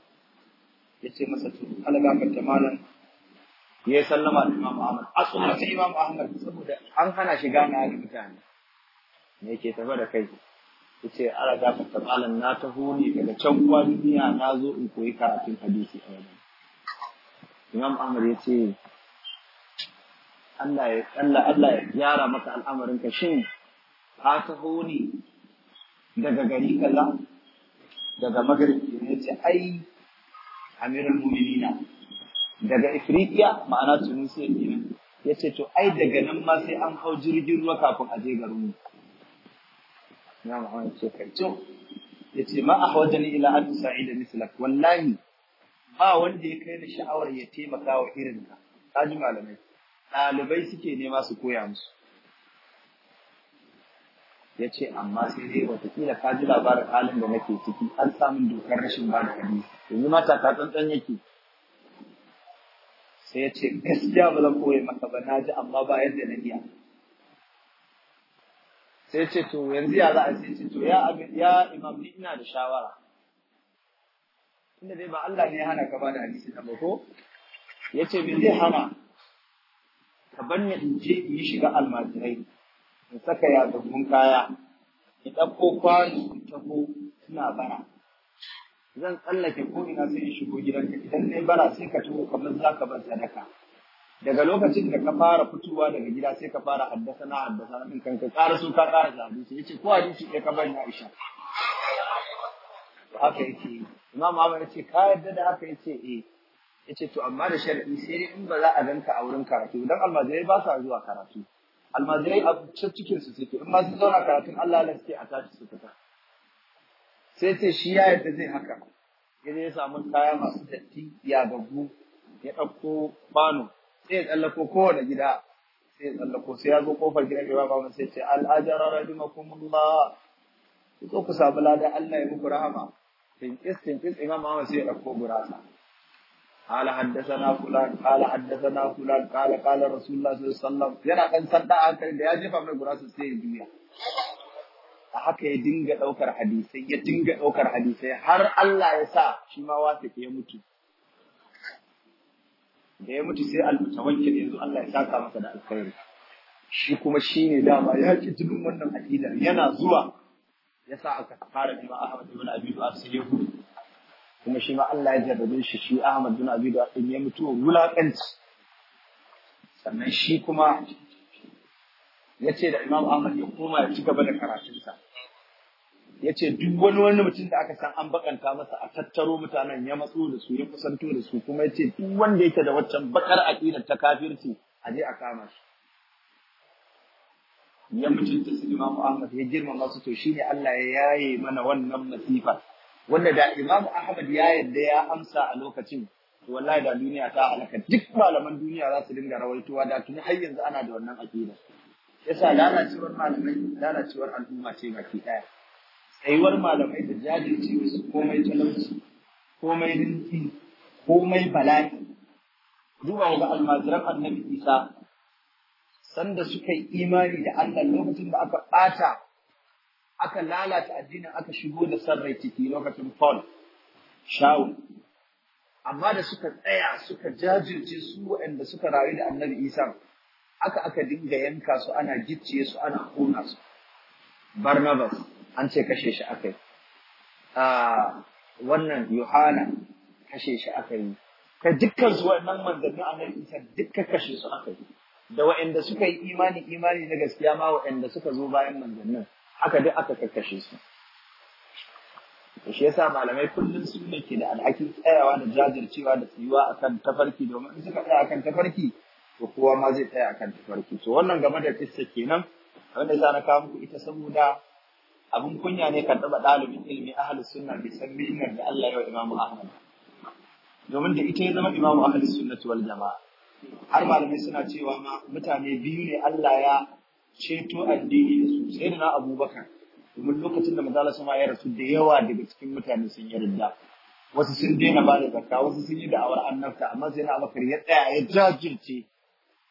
ya ce masa to Allah ta malam ya sallama da imamu Ahmad asuma sai Imam Ahmad saboda an hana shi gana da mutane me yake tafa da kai ya ce Allah ta malam na taho ne daga can duniya na zo in koyi karatun hadisi a wajen Imam Ahmad ya ce Allah ya Allah Allah ya gyara maka al'amarinka shin ka taho ne daga gari kalla daga magrib ya ce ai amirul mu'minina daga ifriqiya ma'ana tunisiya kenan ya ce to ai daga nan ma sai an hau jirgin ruwa kafin a je garin mu na muhammad ce kai to ya ce ma ahwajani ila an sa'ida mislak wallahi ba wanda ya kai ni sha'awar ya taimaka wa irin ka ji malamai ɗalibai suke nema su koya musu ya ce amma sai dai watakila ka ji labarin halin da nake ciki an samun dokar rashin ba da hadisi yanzu mata ta tsantsan yake sai ya ce gaskiya ba zan koye maka ba na ji amma ba yadda na iya sai ce to yanzu ya za a ce to ya ya imam ni ina da shawara tunda dai ba Allah ne ya hana ka ba da hadisi na ko ya ce zai hana ka bar ni in je in yi shiga almajirai in saka yagaggun kaya in ɗauko kwano in taho suna bara zan tsallake ko ina sai in shigo gidanka idan na bara sai ka taho kamar za ka bar sadaka daga lokacin da ka fara fitowa daga gida sai ka fara haddasa na haddasa na kanka ƙara so ka ƙara da sai yace ce ko hadisi ɗaya ka bar na isha haka yake imam ya ce ka yarda da haka yace eh yace to amma da sharadi sai in ba za a ganka a wurin karatu dan almajirai ba sa zuwa karatu almajirai a can cikin su suke in ma sun zauna karatun Allah Allah suke a tashi su fita sai ce shi ya yadda zai haka ya ya samu kaya masu datti ya gabu ya ɗauko kwano sai ya tsallako kowane gida sai ya tsallako sai ya zo kofar gidan ya ba mu sai ce al'ajara rahimakumullah ku zo ku samu ladan Allah ya muku rahama tinkis tinkis imam Ahmad sai ya ɗauko gurasa قال حدثنا فلان قال حدثنا فلان قال قال رسول الله صلى الله عليه yana kan sanda hankali da ya jefa mai gurasa sai ya juya a haka ya dinga daukar hadisai ya dinga daukar hadisai har Allah ya sa shi ma wata ke mutu da ya mutu sai al-mutawakkil yanzu Allah ya saka masa da alkhairi shi kuma ne dama ya ki tudun wannan aqida yana zuwa yasa aka fara bi ma Ahmad ibn Abi Bakr sai ya gudu kuma shi ma Allah ya jarrabe shi shi Ahmad bin Abi Dawud ya mutu wulakanci sannan shi kuma ya ce da Imam Ahmad ya koma ya ci gaba da karatunsa ya ce duk wani wani mutum da aka san an bakanta masa a tattaro mutanen ya matso da su ya kusanto da su kuma ya ce duk wanda yake da waccan bakar aqidar ta kafirci a je a kama shi ya mutunta su Imam Ahmad ya girmama su to shine Allah ya yaye mana wannan masifar wanda da Imam Ahmad ya yarda ya amsa a lokacin to wallahi da duniya ta halaka duk malaman duniya za su dinga rawaitowa da tuni har yanzu ana da wannan aqida yasa lalacewar malamai lalacewar al'umma ce baki daya tsayuwar malamai da jajirce su komai talauci komai rinki komai bala'i duba ga almajiran annabi Isa sanda suka yi imani da Allah lokacin da aka bata aka lalata addinin aka shigo da sarrai ciki lokacin Paul Shaul amma da suka tsaya suka jajirce su waɗanda suka rayu da annabi Isa aka aka dinga yanka su ana gicciye su ana kona su Barnabas an ce kashe shi aka yi ah, wannan Yohana kashe shi aka yi kai dukkan su wannan manzannin annabi Isa dukkan kashe su aka yi da waɗanda suka yi imani imani na gaskiya ma waɗanda suka zo bayan manzannin haka dai aka kakkashe su shi yasa malamai kullum suna ke da alhakin tsayawa da jajircewa da tsayuwa akan tafarki domin in suka tsaya akan tafarki to kowa ma zai tsaya akan tafarki to wannan game da kissa kenan wanda yasa na kawo muku ita saboda abin kunya ne ka taba dalibin ilimi ahli sunna bi san da Allah ya wa imamu ahmad domin da ita ya zama imamu ahli sunna wal jamaa har malamai suna cewa ma mutane biyu ne Allah ya ceto addini da su sai da na abubakar domin lokacin da manzala sama ya rasu da yawa daga cikin mutane sun yi yarda wasu sun daina ba da zakka wasu sun yi da'awar annabta amma sai na abubakar ya tsaya ya jajirce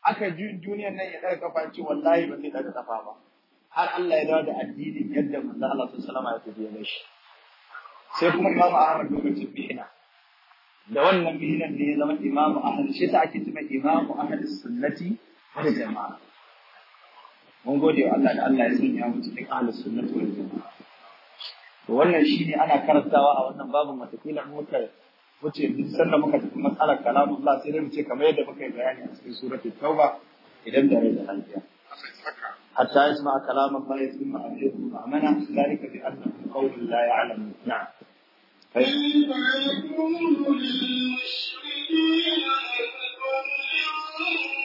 aka ji duniyar nan ya daga kafa ce wallahi ba zai daga kafa ba har Allah ya dawo da addini yadda manzo Allah sallallahu alaihi ya tafi shi sai kuma Imam Ahmad lokacin bihina da wannan bihinan ne ya zama Imam Ahmad shi ta ake cewa Imam Ahmad sunnati wal jama'a mun gode wa Allah da Allah ya sanya mu cikin ahlus sunnah wal jamaa to wannan shine ana karantawa a wannan babin matakila muka wuce duk sanda muka tafi matsalar kalamullah sai dai mu ce kamar yadda muka yi bayani a cikin suratul tauba idan da rai da lafiya حتى يسمع كلام الله ثم أبلغه مأمنة ذلك بأنه قول لا يعلم نعم كيف يكون للمشركين عذب يوم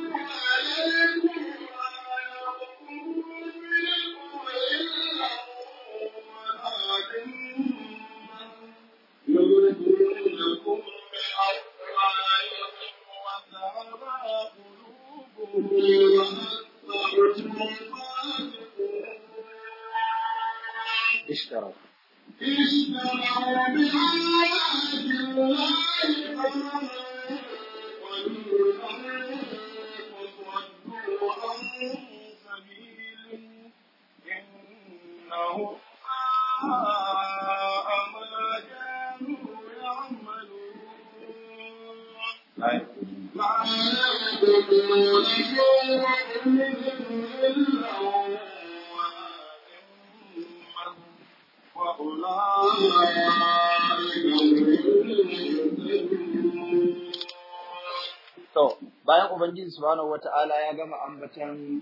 subhanahu wata'ala ya gama ambatan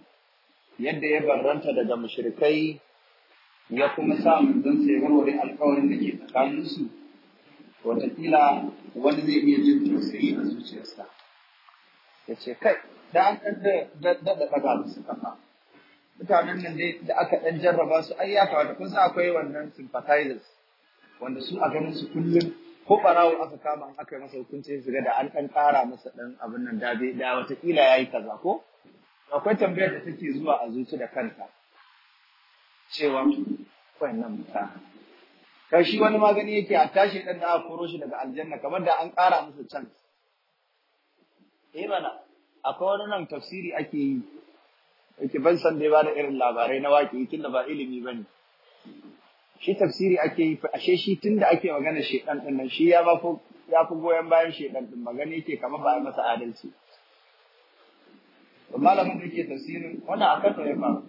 yadda ya barranta daga mushrikai ya kuma sa manzon sai warware alƙawarin da ke tsakaninsu wataƙila wani zai iya jin tausayi a zuciyarsa ya ce kai da an ɗan da ɗaga musu kafa mutanen nan da aka ɗan jarraba su ayyaka ya kun akwai wannan sympathizers wanda su a ganin su kullum ko barawo aka kama an aka yi masa hukunci su da an ɗan ƙara masa ɗan abin nan da da watakila ya yi kaza ko akwai tambayar da take zuwa a zuci da kanta cewa nan ta. kai shi wani magani yake a tashi ɗan da aka koro shi daga aljanna kamar da an ƙara masa can eh mana akwai wani nan tafsiri ake yi yake ban san dai ba da irin labarai na waƙi tunda ba ilimi bane shi tafsiri ake yi ashe shi tunda ake magana shedan din nan shi ya ya fi goyon bayan shedan din magana yake kamar ba masa adalci malamin da ke tafsirin wanda akan ta ya faru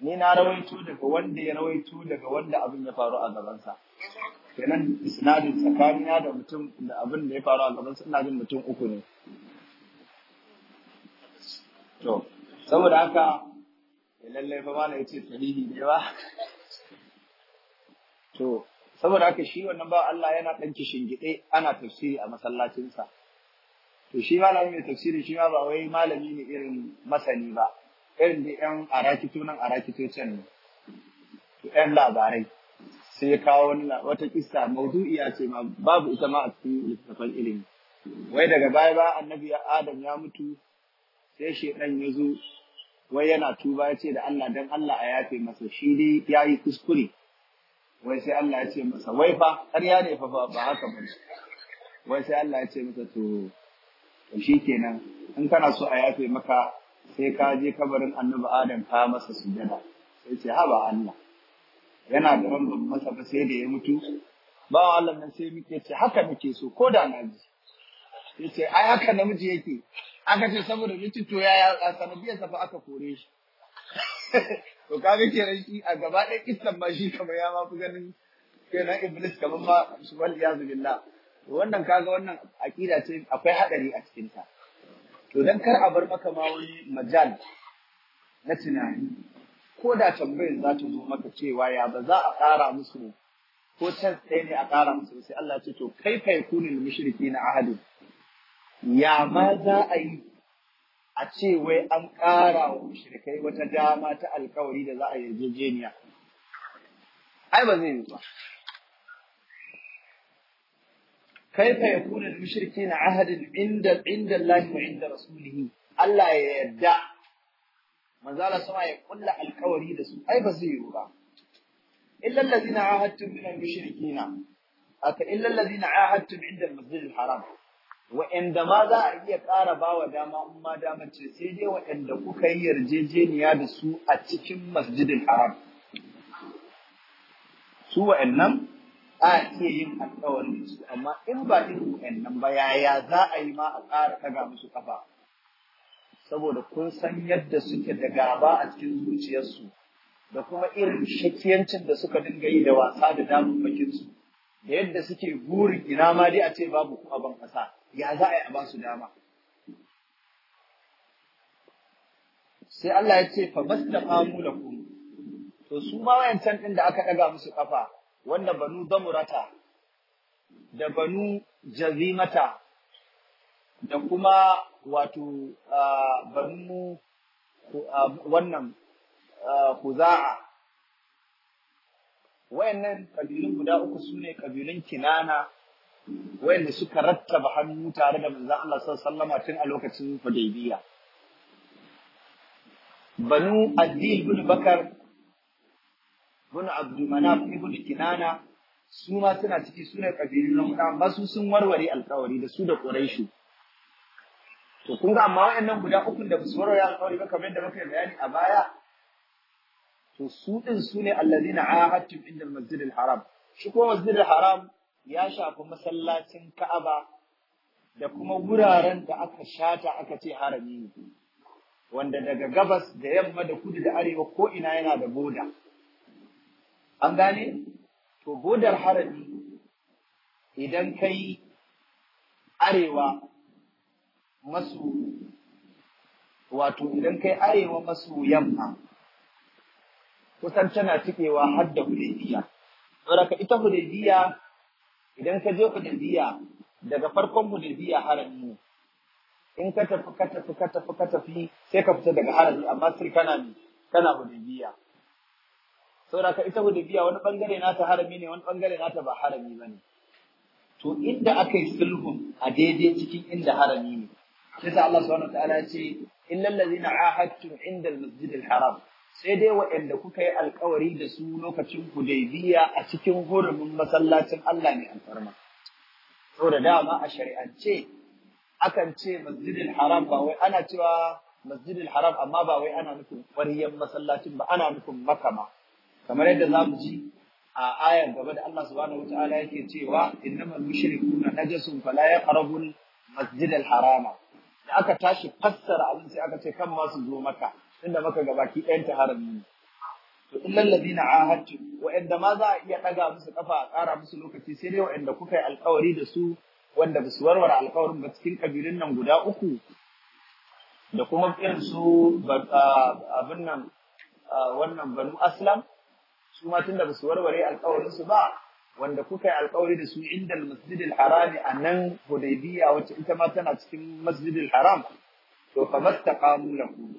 ni na rawaito daga wanda ya rawaito daga wanda abin ya faru a gabansa kenan isnadin tsakanina da mutum da abin da ya faru a gabansa ina jin mutum uku ne to saboda haka lallai ba ma na ce sahihi ne ba To, saboda haka shi wannan ba Allah yana ɗan kishingiɗe ana tafsiri a masallacinsa. To, shi malami mai tafsiri shi ba wai malami ne irin masani ba, irin da ‘yan arakito nan arakito can ne, to ‘yan labarai. Sai ya kawo wata kissa maudu'iya ce ma babu ita ma a cikin littattafan ilimi. Wai daga baya ba annabi Adam ya mutu sai shaidan ya zo wai yana tuba ya ce da Allah dan Allah a yafe masa shi dai ya yi kuskure wai sai Allah ya ce masa wai fa ƙarya ne fa ba haka ba wai sai Allah ya ce masa to shi kenan in kana so a yafe maka sai ka je kabarin annabi adam ka masa sujada sai ce ha ba Allah yana da wannan masa ba sai da ya mutu ba Allah nan sai muke ce haka muke so ko da na ji sai ce ai haka namiji yake aka ce saboda ni to yaya a sanadiyarsa fa aka kore shi to ga kenan shi a gaba ɗaya kistan ma shi kamar ya ma fi ganin kenan iblis kamar ma subhal su zubillah to wannan kaga wannan aqida ce akwai hadari a cikin ta to dan kar a bar maka ma wani majal na tunani ko da tambayar za ta zo maka cewa ya ba za a ƙara musu ko can sai ne a ƙara musu sai Allah ce to kai fa yakunu mushriki na ahadun ya ma za a yi a ce wai an ƙara wa mushrikai wata dama ta alkawari da za a yarjejeniya. Ai ba zai yi ba. Kai fa ya kuna da mushriki na ahadin inda inda Allah wa inda rasulihi Allah ya yarda manzala sama ya kulla alkawari da su ai ba zai yi ba. Illa allazina ahadtum min al-mushrikina aka illa allazina ahadtum inda al-masjid al-haram wa'anda ma za a iya ƙara bawa dama in ma dama ce sai dai wa'anda kuka yi yarjejeniya da su a cikin masjidin haram su wa'annan a iya yin alƙawari su amma in ba irin wa'annan ba yaya za a yi ma a ƙara ɗaga musu ƙafa saboda kun san yadda suke da gaba a cikin zuciyarsu da kuma irin shakiyancin da suka dinga yi da wasa da bakinsu, da yadda suke burin ina ma dai a ce babu ku ƙasa ya za a yi a ba su dama sai Allah ya ce fa da kuma, to su ma wayancan ɗin da aka ɗaga musu ƙafa wanda banu damurata da banu jazimata da kuma wato banu wannan huza'a wayannan ƙabilun guda uku sune ƙabilun kinana wayanda suka rattaba hannu tare da manzon Allah sallallahu alaihi tun a lokacin Hudaybiya banu Adil bin Bakar bin Abdul Manaf ibn Kinana su ma suna ciki suna kabilun nan amma su sun warware alƙawari da su da Quraishu to kun ga amma wayannan guda uku da su warware alkawari ba kamar yadda muka bayani a baya to su din su ne allazina ahadtum inda al-masjid al-haram shi kuma masjid al-haram ya shafi masallacin Ka'aba da kuma wuraren da aka shata aka ce harami ne wanda daga gabas da yamma da kudu da arewa ko ina yana da boda an gane to bodar harami idan kai arewa masu wato idan kai arewa masu yamma kusan tana cikewa har da hudaybiya saboda ita hudaybiya idan ka je hudaybiya daga farkon hudaybiya harami ne. in ka tafi ka tafi ka tafi ka tafi sai ka fita daga harami amma sai kana ne kana hudaybiya saboda ka ita hudaybiya wani bangare nata harami ne wani bangare nata ba harami bane to inda aka yi sulhun a daidai cikin inda harami ne sai Allah subhanahu wa ta'ala ya ce illal ladina ahadtum inda al-masjid haram sai dai waɗanda kuka yi alkawari da su lokacin hudaybiya a cikin hurumin masallacin Allah ne alfarma da dama a shari'ance akan ce masjidil haram ba wai ana cewa masjidil haram amma ba wai ana nufin ƙwaryen masallacin ba ana nufin makama kamar yadda za mu ji a ayar gaba da Allah subhanahu wataala yake cewa innamal mushrikuna najasun fala yaqrabul masjidal harama da aka tashi fassara abin sai aka ce kan ma su zo maka Inda maka gabaki ɗayan ta harami ne to illal ladina hancin, wa'anda ma za a iya ɗaga musu ƙafa a ƙara musu lokaci sai dai wa'anda kuka yi alƙawari da su wanda ba su warware alƙawarin ba cikin kabilun nan guda uku da kuma irin su abin nan wannan banu aslam su ma tunda ba su warware alƙawarin su ba wanda kuka yi alƙawari da su inda masjidil haram a nan hudaybiya wacce ita ma tana cikin masjidil haram to fa mastaqamu lahu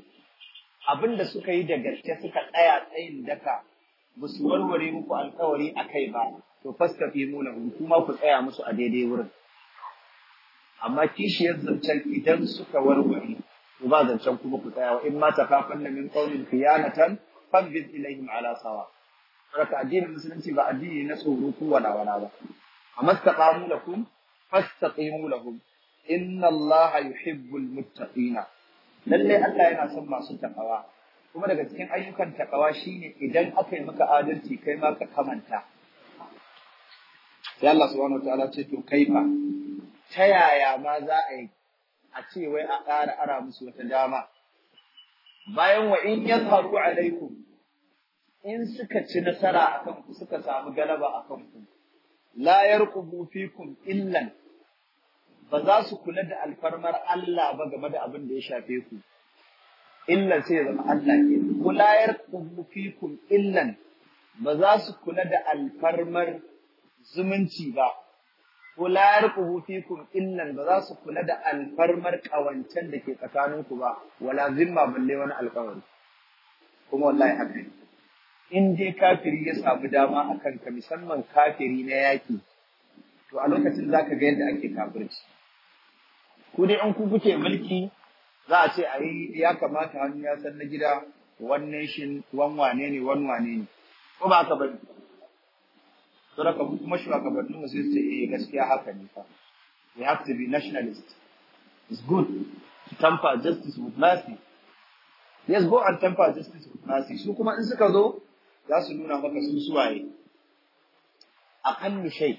abin da suka yi da gaske suka tsaya tsayin daka ba su warware muku alkawari a kai ba to faskafi muna kuma ku tsaya musu a daidai wurin amma kishiyar zancen idan suka warware to ba zancen kuma ku tsaya wa in ma takafan na min qaumin khiyanatan fabbiz ilaihim ala sawa haka addinin musulunci ba addini na tsoro ko wala ba amma taqamu lakum fastaqimu lahum inna allaha yuhibbul muttaqina lallai Allah yana son masu takawa kuma daga cikin ayyukan takawa shine idan aka yi maka adalci kai ma ka kamanta sai Allah subhanahu wataala ce to kai ba. ta yaya ma za a yi a ce wai a ƙara ara musu wata dama bayan wa in faru alaikum in suka ci nasara akan ku suka samu galaba akan ku la yarqubu fikum illan ba za su kula da alfarmar Allah ba game da abin da ya shafe ku illan sai ya zama Allah ke kulayar fikum illan ba za su kula da alfarmar zumunci ba kulayar fikum illan ba za su kula da alfarmar kawancen da ke tsakaninku ba wala zimma balle wani alkawari kuma wallahi haka in dai kafiri ya samu dama akan ka musamman kafiri na yaki to a lokacin zaka ga yadda ake kafirci ku dai an ku kuke mulki za a ce a yi ya kamata hannu ya san na gida wannan shi wan wane ne wan wane ne ko ba haka bari to da kuma shugabannin mu sai su ce eh, gaskiya haka ne fa we have to be nationalist is good to tamfa justice with mercy yes go and tamfa justice with mercy su kuma in suka zo za su nuna maka sun suwaye a kan shai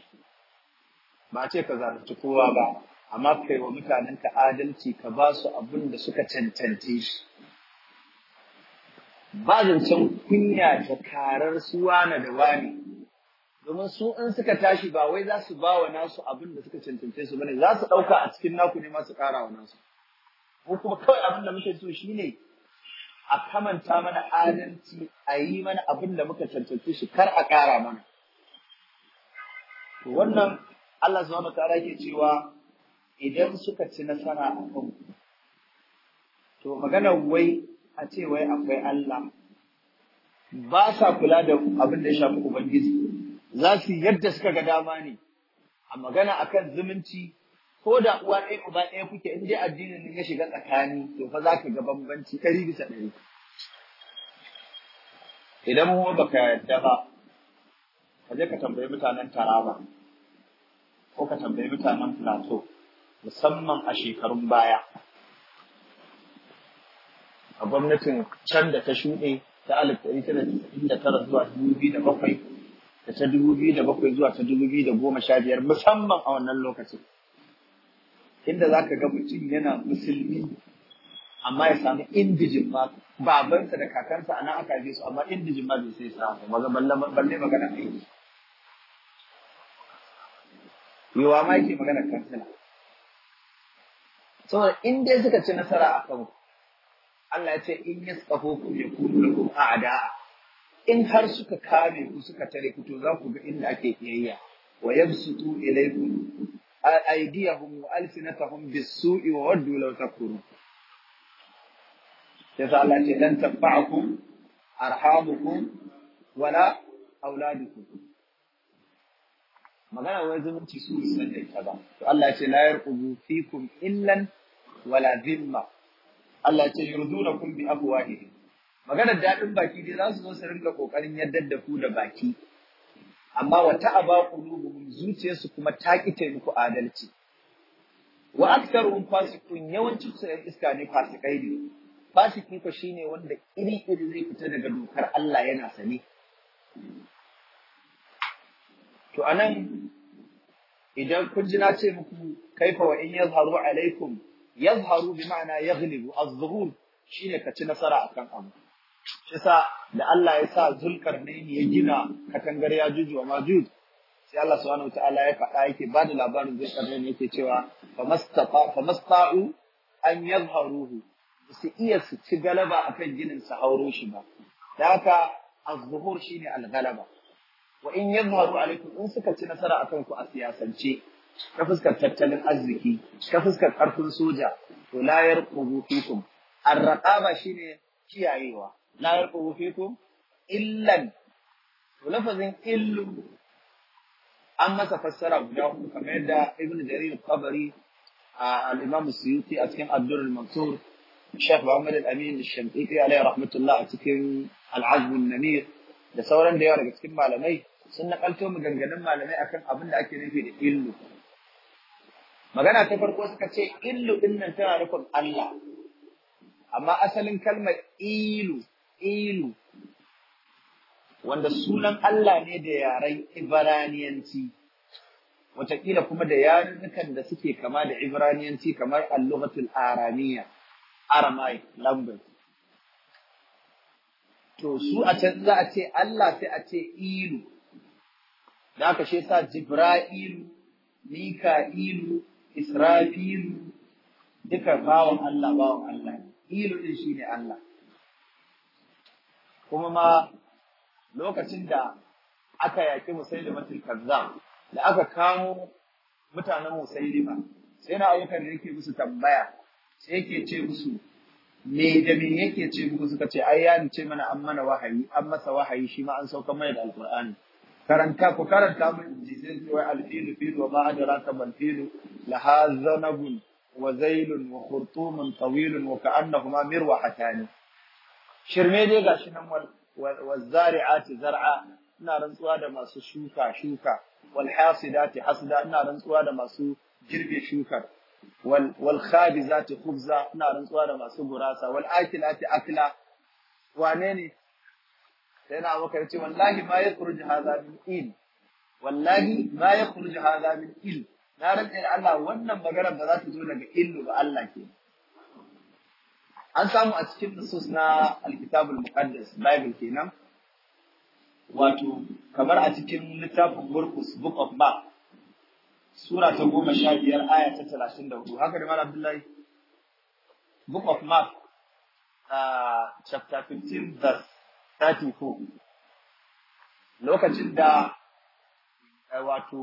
ba ce ka zarci kowa ba amma kai wa mutanenka adalci ka ba su abin da suka cancanci shi ba zancen kunya da karar su wane da wani. domin su in suka tashi ba wai za su ba wa nasu abin da suka cancance su bane za su ɗauka a cikin naku ne masu ƙara wa nasu ko kuma kawai abin da muke so shine a kamanta mana adalci a yi mana abin da muka cancance shi kar a ƙara mana to wannan Allah subhanahu wa ta'ala yake cewa idan suka ci nasara a kan to magana wai a ce wai akwai Allah ba sa kula da abin da ya shafi ubangiji za su yadda suka ga dama ne a magana akan zumunci ko da uwa ɗaya uba ɗaya kuke in dai addinin ya shiga tsakani to fa za ka ga bambanci ɗari bisa ɗari idan mu baka yadda ba ka je ka tambayi mutanen Taraba ko ka tambayi mutanen Plateau musamman a shekarun baya a gwamnatin can da ta shuɗe ta alif ɗari tara da tara zuwa dubu biyu da bakwai da ta dubu biyu da bakwai zuwa ta dubu biyu da goma sha biyar musamman a wannan lokacin inda za ka ga mutum yana musulmi amma ya sami indijin ma babansa da kakansa a nan aka je su amma indijin ma bai sai samu maza balle magana aiki. Yawa ma yake magana kansila. saboda in dai suka ci nasara a ku Allah ya ce in ya yakunu lakum a'da'a in har suka kame ku suka tare ku to za ku ga inda ake kiyayya wa yabsutu ilaykum aydiyahum wa alsinatahum bis-su'i wa waddu law takfurun yasa Allah ya ce dan tabba'akum arhamukum wala auladukum magana wai zumunci su san da ita ba to Allah ya ce la yarqubu fikum illan wala dhimma Allah ya ce yurdunakum bi afwahihim magana dadin baki dai za su zo su ringa kokarin yaddar da ku da baki amma wata aba qulubuhum zuciyarsu kuma ta ki taimako adalci wa aktsaruhum fasiqun yawanci su iska ne fasikai ne fasiki ko shine wanda iri iri zai fita daga dokar Allah yana sani. To anan idan kun ji na ce muku kaifa wa in yazharu alaikum yazharu bi ma'ana yaghlibu az-zuhur shine ka ci nasara akan abu. Shi sa da Allah ya sa zulkar ne ya gina katangar ya juju wa majuj sai Allah subhanahu wataala ya faɗa yake ba da labarin Zulkarnaini yake cewa fa famasta'u an yazharuhu su iya su ci galaba akan ginin su hauro shi ba. Da haka az-zuhur shine al-galaba. wa in yadhharu alaikum in suka ci nasara akan ku a siyasance ta fuskar tattalin arziki ta fuskar karfin soja to la yarqubu fikum arraqaba shine kiyayewa la yarqubu fikum illan to lafazin illu an masa fassara guda hudu kamar yadda ibnu jarir qabari al-imam suyuti a cikin abdul mansur الشيخ محمد الامين الشنقيطي عليه رحمه الله a cikin العزم da sauran da yawa daga cikin malamai sun nakalto maganganun malamai akan abin da ake nufi da illu magana ta farko suka ce illu din nan tana nufin Allah amma asalin kalmar ilu ilu wanda sunan Allah ne da yaren Ibraniyanci watakila kuma da yarurrukan da suke kama da Ibraniyanci kamar al-lughatul aramiyya Aramaic language to su a can za a ce Allah sai a ce ilu da aka shi sa jibra'ilu mika'ilu Israbilu, duka bawan Allah bawan Allah ilu din ne Allah kuma ma lokacin da aka yaƙi musailimatul kazzab da aka kamo mutanen musailima sai na ayyukan da yake musu tambaya sai yake ce musu me da me yake ce muku suka ce ai ya ce mana an mana wahayi an masa wahayi shi ma an sauka mai da alqur'ani karanta ku karanta mun ji sai wai alfilu filu wa ma adraka man filu lahazanabun wa zailun wa khurtumun tawilun wa ka'annahuma mirwahatani shirme dai gashi nan wal wazari'ati zar'a ina rantsuwa da masu shuka shuka wal hasidati hasida ina rantsuwa da masu girbe shukar wal wal khabizati khubza ina rantsuwa da masu gurasa wal akilati akla wane ne sai na abubakar ce wallahi ma ya kurji haza il na rantsa da Allah wannan maganar ba za ta zo daga illu ba Allah ke an samu a cikin nusus na alkitabul muqaddas bible kenan wato kamar a cikin littafin Markus book of Mark sura ta goma sha biyar aya ta talatin da hudu haka da mara abdullahi book of mark uh, chapter 15 verse 34 lokacin da eh, wato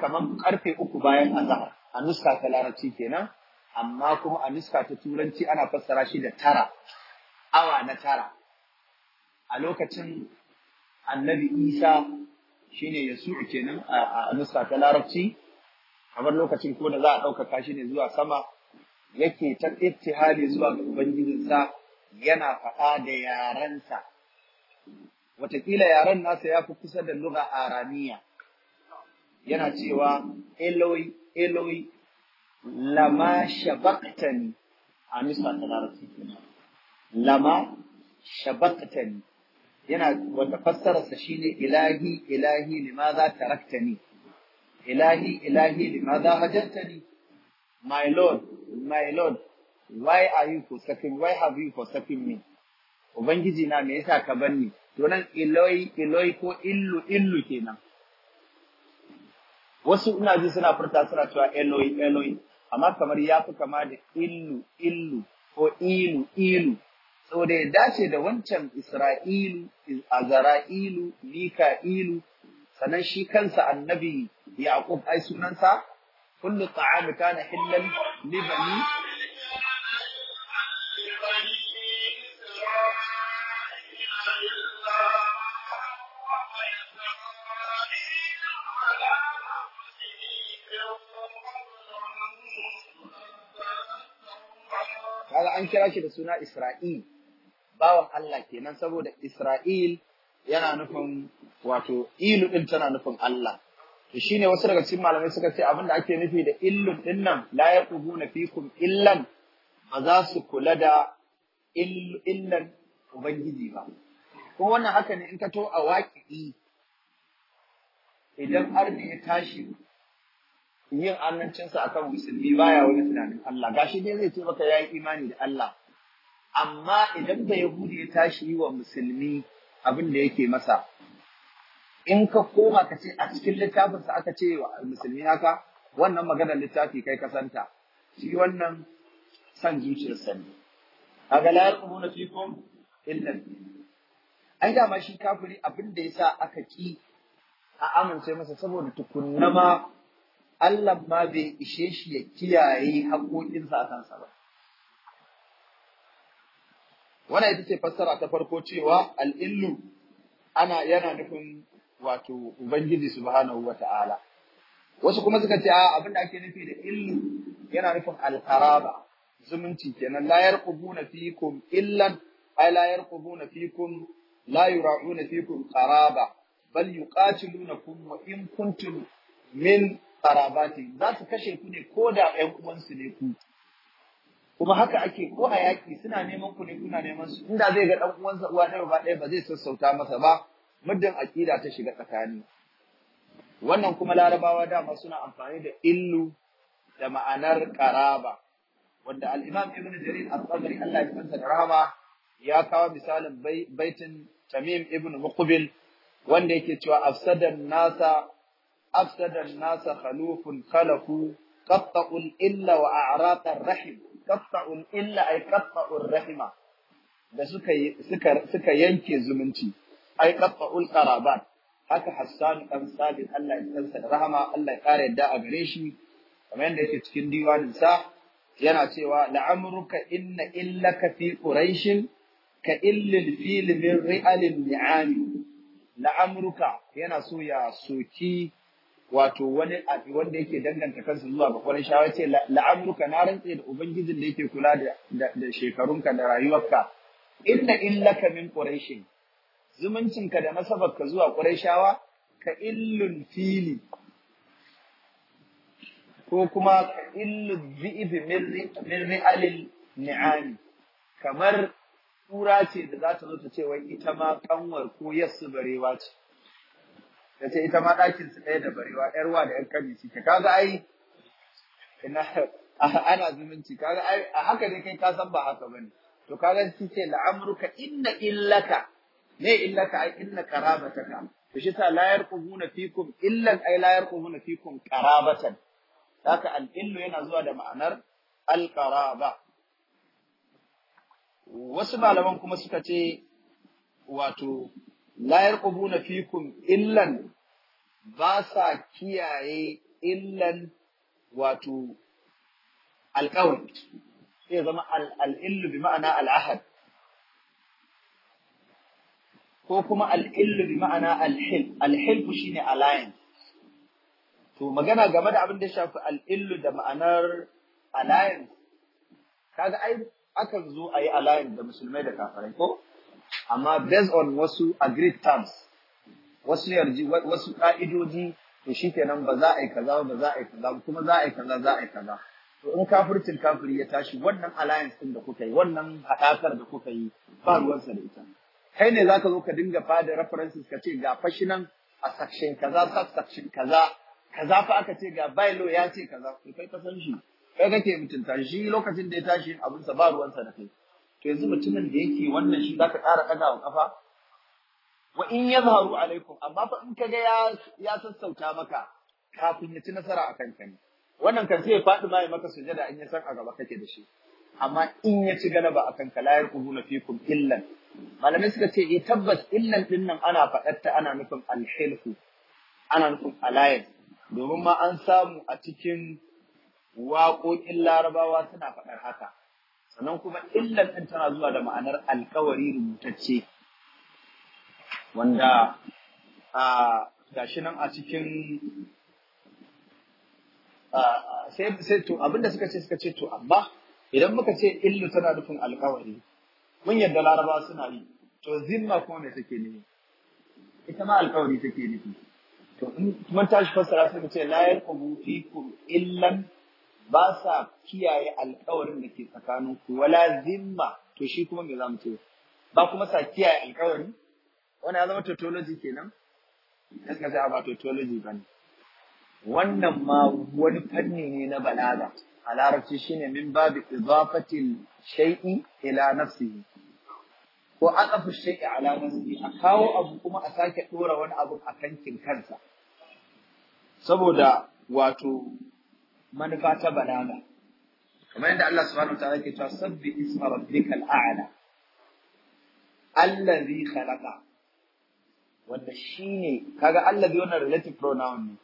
kaman karfe uku bayan azahar a nuska ta larabci kenan amma kuma a nuska ta turanci ana fassara shi da tara awa na tara a lokacin annabi isa shine yasu'u kenan a nusa ta larabci kamar lokacin ko da za a ɗaukaka shi ne zuwa sama yake ta hali zuwa ga ubangijinsa yana faɗa da yarensa watakila yaren nasa ya fi kusa da a raniya. yana cewa eloi eloi lama shabaktani a nusa ta larabci lama shabaktani yana wata fassararsa shine ilahi ilahi limaza taraktani ilahi ilahi limaza hajartani my lord my lord why are you forsaking why have you forsaking me ubangiji na me yasa ka banni to nan iloi iloi ko illu illu kenan wasu ina ji suna furta suna cewa eloi eloi amma kamar ya fi kama da illu illu ko ilu ilu saboda ya dace da wancan Isra'ilu, Azara'ilu, Mika'ilu, sannan shi kansa annabi Yaƙub ai sunansa, kullu ta'amu kana hillan libani. Kaga an kira shi da suna Isra'il. bawan Allah kenan saboda Isra'il yana nufin wato ilu ɗin tana nufin Allah to shine wasu daga cikin malamai suka ce abin da ake nufi da illun din nan la yaqubuna fikum illan ba za su kula da illan ubangiji ba ko wannan haka ne in ka to a waƙi idan arni ya tashi yin annancinsa akan musulmi baya wani tunanin Allah gashi dai zai ce maka yayi imani da Allah amma idan ba Yahudi ya tashi yi wa musulmi abin da yake masa, in ka koma ka ce a cikin littafinsa aka ce wa musulmi haka, wannan maganar littafi kai kasanta, shi wannan san zuciyar sani. A ga layar na fikon illan. Ai dama shi kafiri abin da ya sa aka ki a amince masa saboda tukunna ma Allah ma bai ishe shi ya kiyaye haƙoƙinsa a kansa ba. wannan ita ce fassara ta farko cewa al'illu ana yana nufin wato ubangiji subhanahu ta'ala. wasu kuma suka ce a abin da ake nufi da illu yana nufin alkaraba zumunci kenan la yarqubuna fikum illan ay la yarqubuna fikum la yura'una fikum qaraba bal yuqatilunakum wa in kuntum min qarabati za su kashe ku ne ko da 'yan uwansu ne ku kuma haka ake ko a yaƙi suna neman ku ne kuna neman su inda zai ga dan uwansa uwa ɗaya ba ɗaya ba zai sassauta masa ba muddin aƙida ta shiga tsakani wannan kuma larabawa dama suna amfani da illu da ma'anar karaba wanda al-imam ibn jarir al-tabari Allah ya rahama ya kawo misalin baitin tamim ibn muqbil wanda yake cewa afsadan nasa afsadan nasa khalufun khalafu qatta'ul illa wa qatta'ul illa ay qatta'ur rahima da suka suka suka yanke zumunci ay qatta'ul qarabat haka Hassan dan Sabit Allah ya kansa da rahama Allah ya kare yadda a gare shi kamar yadda yake cikin diwanin sa yana cewa la'amruka inna illaka fi quraishin ka illil fil min ri'alin ni'ami la'amruka yana so ya soki wato wani wanda yake danganta kansa zuwa ga kwarin shawa ce la'amurka na rantse da ubangijin da yake kula da shekarunka da rayuwarka inna illaka min quraishin zumuncinka da nasabarka zuwa quraishawa ka illun fili ko kuma ka illun dhi'ib min ri'alil ni'am kamar kura ce da za ta zo ta ce wai ita ma kanwar ko yassu barewa ce ta ita ma ɗakin su ɗaya da barewa yar wa da ƴar kani suke kaga ai ina ana zumunci kaga ai a haka ne kai ka san ba haka bane to kaga shi ce la'amruka inna illaka ne illaka ai inna karabataka to shi sa la yarqubuna fikum illan ai la yarqubuna fikum qarabatan haka al illu yana zuwa da ma'anar al qaraba wasu malaman kuma suka ce wato la yarqubuna fikum illan ba sa kiyaye illan wato alƙawari sai zama al'illu bi ma'ana al'ahad ko kuma al'illu bi ma'ana shi ne alliance to magana game da abin da shafi al'illu da ma'anar alliance kaga ai akan zo a yi alliance da musulmai da kafirai ko amma based on wasu agreed terms wasu yarji wasu ka'idoji to nan ba za a yi kaza ba za a yi kaza kuma za a yi kaza za a yi kaza to in kafircin kafiri ya tashi wannan alliance din da kuka yi wannan haɗakar da kuka yi ba ruwansa da ita kai ne zaka zo ka dinga fada references ka ce ga fashi nan a section kaza sub section kaza kaza fa aka ce ga bylaw ya ce kaza to kai ka san shi kai kake mutunta shi lokacin da ya tashi abin sa ba ruwansa da kai to yanzu mutumin da yake wannan shi zaka ƙara ɗaga wa kafa wa in yazharu alaikum amma fa in kaga ya ya sassauta maka kafin ya ci nasara a kanka ne wannan kan sai ya faɗi ma maka sujada in ya san a gaba kake da shi amma in ya ci galaba akan ka la yarqubuna fikum illan malamai suka ce eh tabbas illan din nan ana faɗar ta ana nufin alhilku ana nufin alliance domin ma an samu a cikin waƙoƙin larabawa suna faɗar haka sannan kuma illan ɗin tana zuwa da ma'anar alkawari rubutacce wanda a gashi nan a cikin sai sai to abinda suka ce suka ce to amma idan muka ce illu tana nufin alkawari mun yadda laraba suna yi to zimma kuma me take ne ita ma alkawari take nufi to in mun tashi fassara sai ce la yaqbu fikum illan ba sa kiyaye alkawarin da ke tsakanin ku wala zimma to shi kuma me zamu ce ba kuma sa kiyaye alkawari wani ya zama tautology kenan kaga sai ba tautology bane wannan ma wani fanni ne na balaga a larabci shine min babu idafatil shay'i ila nafsihi ko aqafu shay'i ala nafsihi a kawo abu kuma a sake dora wani abu a kankin kansa saboda wato manufa ta balaga kamar yadda Allah subhanahu wataala yake cewa sabbi isma rabbikal a'la allazi khalaqa wanda shine kaga allazi wannan relative pronoun ne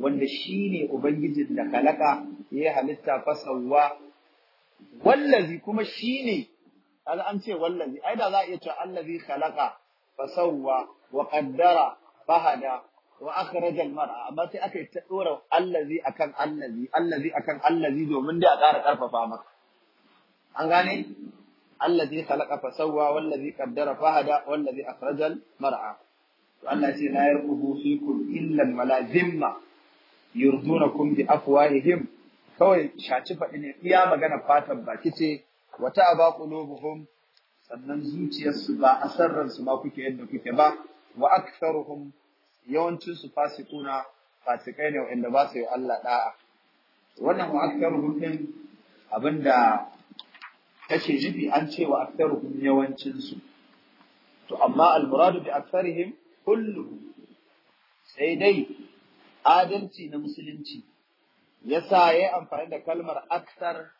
wanda shine ubangijin da khalaqa ya halitta fasawa wallazi kuma shine kaga an ce wallazi ai da za a iya cewa allazi khalaqa fasawa wa qaddara fahada wa aka al mar'a amma sai aka yi ta dora allazi akan allazi allazi akan allazi domin dai a ƙara ƙarfafa maka an gane allazi khalaqa fa sawwa wallazi qaddara fa hada wallazi akhraj al mar'a to Allah ya ce la yarqubu fikum illa al malazimma yurdunakum bi afwahihim kawai shaci faɗi ne iya magana fatan baki ce wata aba qulubuhum sannan zuciyarsu ba a sarransu ma kuke yadda kuke ba wa aktharuhum yawancin su fasikuna fasikai ne wanda ba su yi Allah da'a wannan mu'akkaruhum hukun abinda kashe jibi an ce wa hukun yawancin su to amma almuradu muradu bi aktarihim kullum sai dai adalci na musulunci yasa yayi amfani da kalmar aktar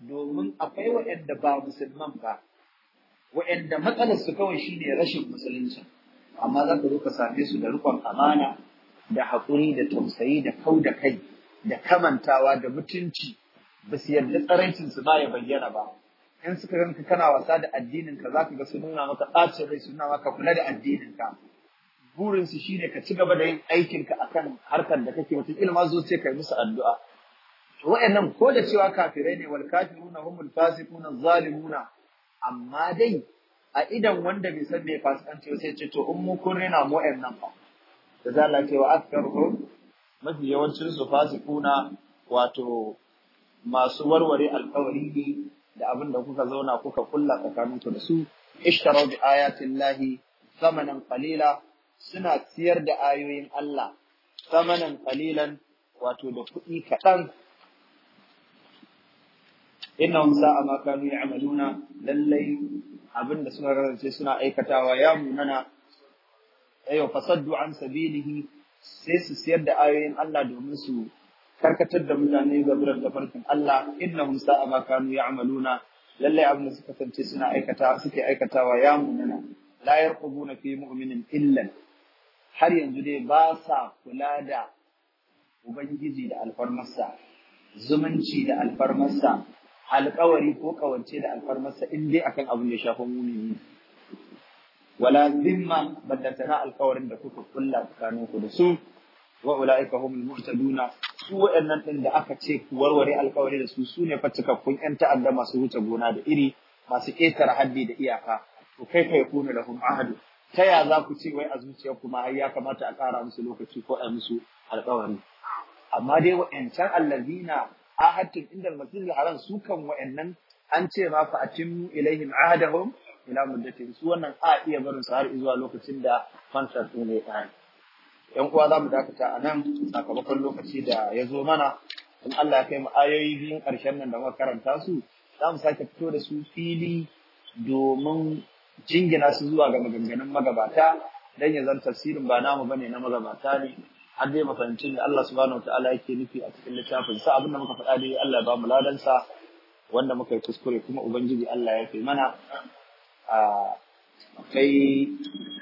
domin akwai waɗanda ba musulman ba waɗanda matsalar su kawai shine rashin musulunci amma za ka zo ka same su da rikon amana da haƙuri da tausayi da kau da kai da kamantawa da mutunci ba su yarda tsarancin su ba ya bayyana ba in suka ganka kana wasa da addinin ka za ka ga su nuna maka ɓacin rai su nuna maka kula da addinin ka burin su shine ka ci gaba da yin aikin ka akan harkar da kake mutum ilma zo ce yi musu addu'a to wayannan ko da cewa kafirai ne wal kafiruna humul fasiquna zalimuna amma dai a idan wanda bai san me fasikanci sai ce to in mu kun rena mu ɗan nan fa da za Allah ce wa mafi yawancin su fasikuna wato masu warware alkawari ne da abin da kuka zauna kuka kulla tsakaninku da su ishtaraw bi ayatin lahi thamanan qalila suna siyar da ayoyin Allah thamanan qalilan wato da kuɗi kaɗan innahum sa'a ma kanu ya'maluna lallai abin da suna kasance suna aikatawa ya munana ayo fasaddu an sabilihi sai su siyar da ayoyin Allah domin su karkatar da mutane ga da tafarkin Allah innahum sa'a ma kanu ya'maluna lallai abin da suka kasance suna aikata suke aikatawa ya munana la yarqubuna fi mu'minin illa har yanzu dai ba sa kula da ubangiji da alfarmarsa zumunci da alfarmarsa alƙawari ko ƙawance da alfarmarsa in dai akan abin da ya shafi mumini wala zimma ballantana alƙawarin da kuka kulla tsakaninku da su wa ulaika humul muhtaduna su waɗannan ɗin da aka ce ku warware alkawari da su su ne fa cikakkun ƴan ta'adda masu wuce gona da iri masu ƙetare haddi da iyaka to kai kai kuna lahum ahadu ta ya za ku ce wai a zuciyar kuma har ya kamata a ƙara musu lokaci ko a musu alkawari amma dai waɗancan allazina ahadin indal masjidil haram su kan wa'annan an ce ma fa atim ilaihim ahadahum ila muddatin su wannan a iya barin su har zuwa lokacin da fansar din ne tsaya yan uwa za mu dakata a nan sakamakon lokaci da ya zo mana in Allah ya kai mu ayoyi biyun ƙarshen nan da muka karanta su za mu sake fito da su fili domin jingina su zuwa ga maganganun magabata dan ya zan tafsirin ba namu bane na magabata ne har dai mafancin ne Allah subhanahu ta'ala yake nufi a cikin littafin sa abinda muka faɗa dai Allah ya ba mu ladan sa wanda muka yi kuskure kuma ubangiji Allah ya kai mana a kai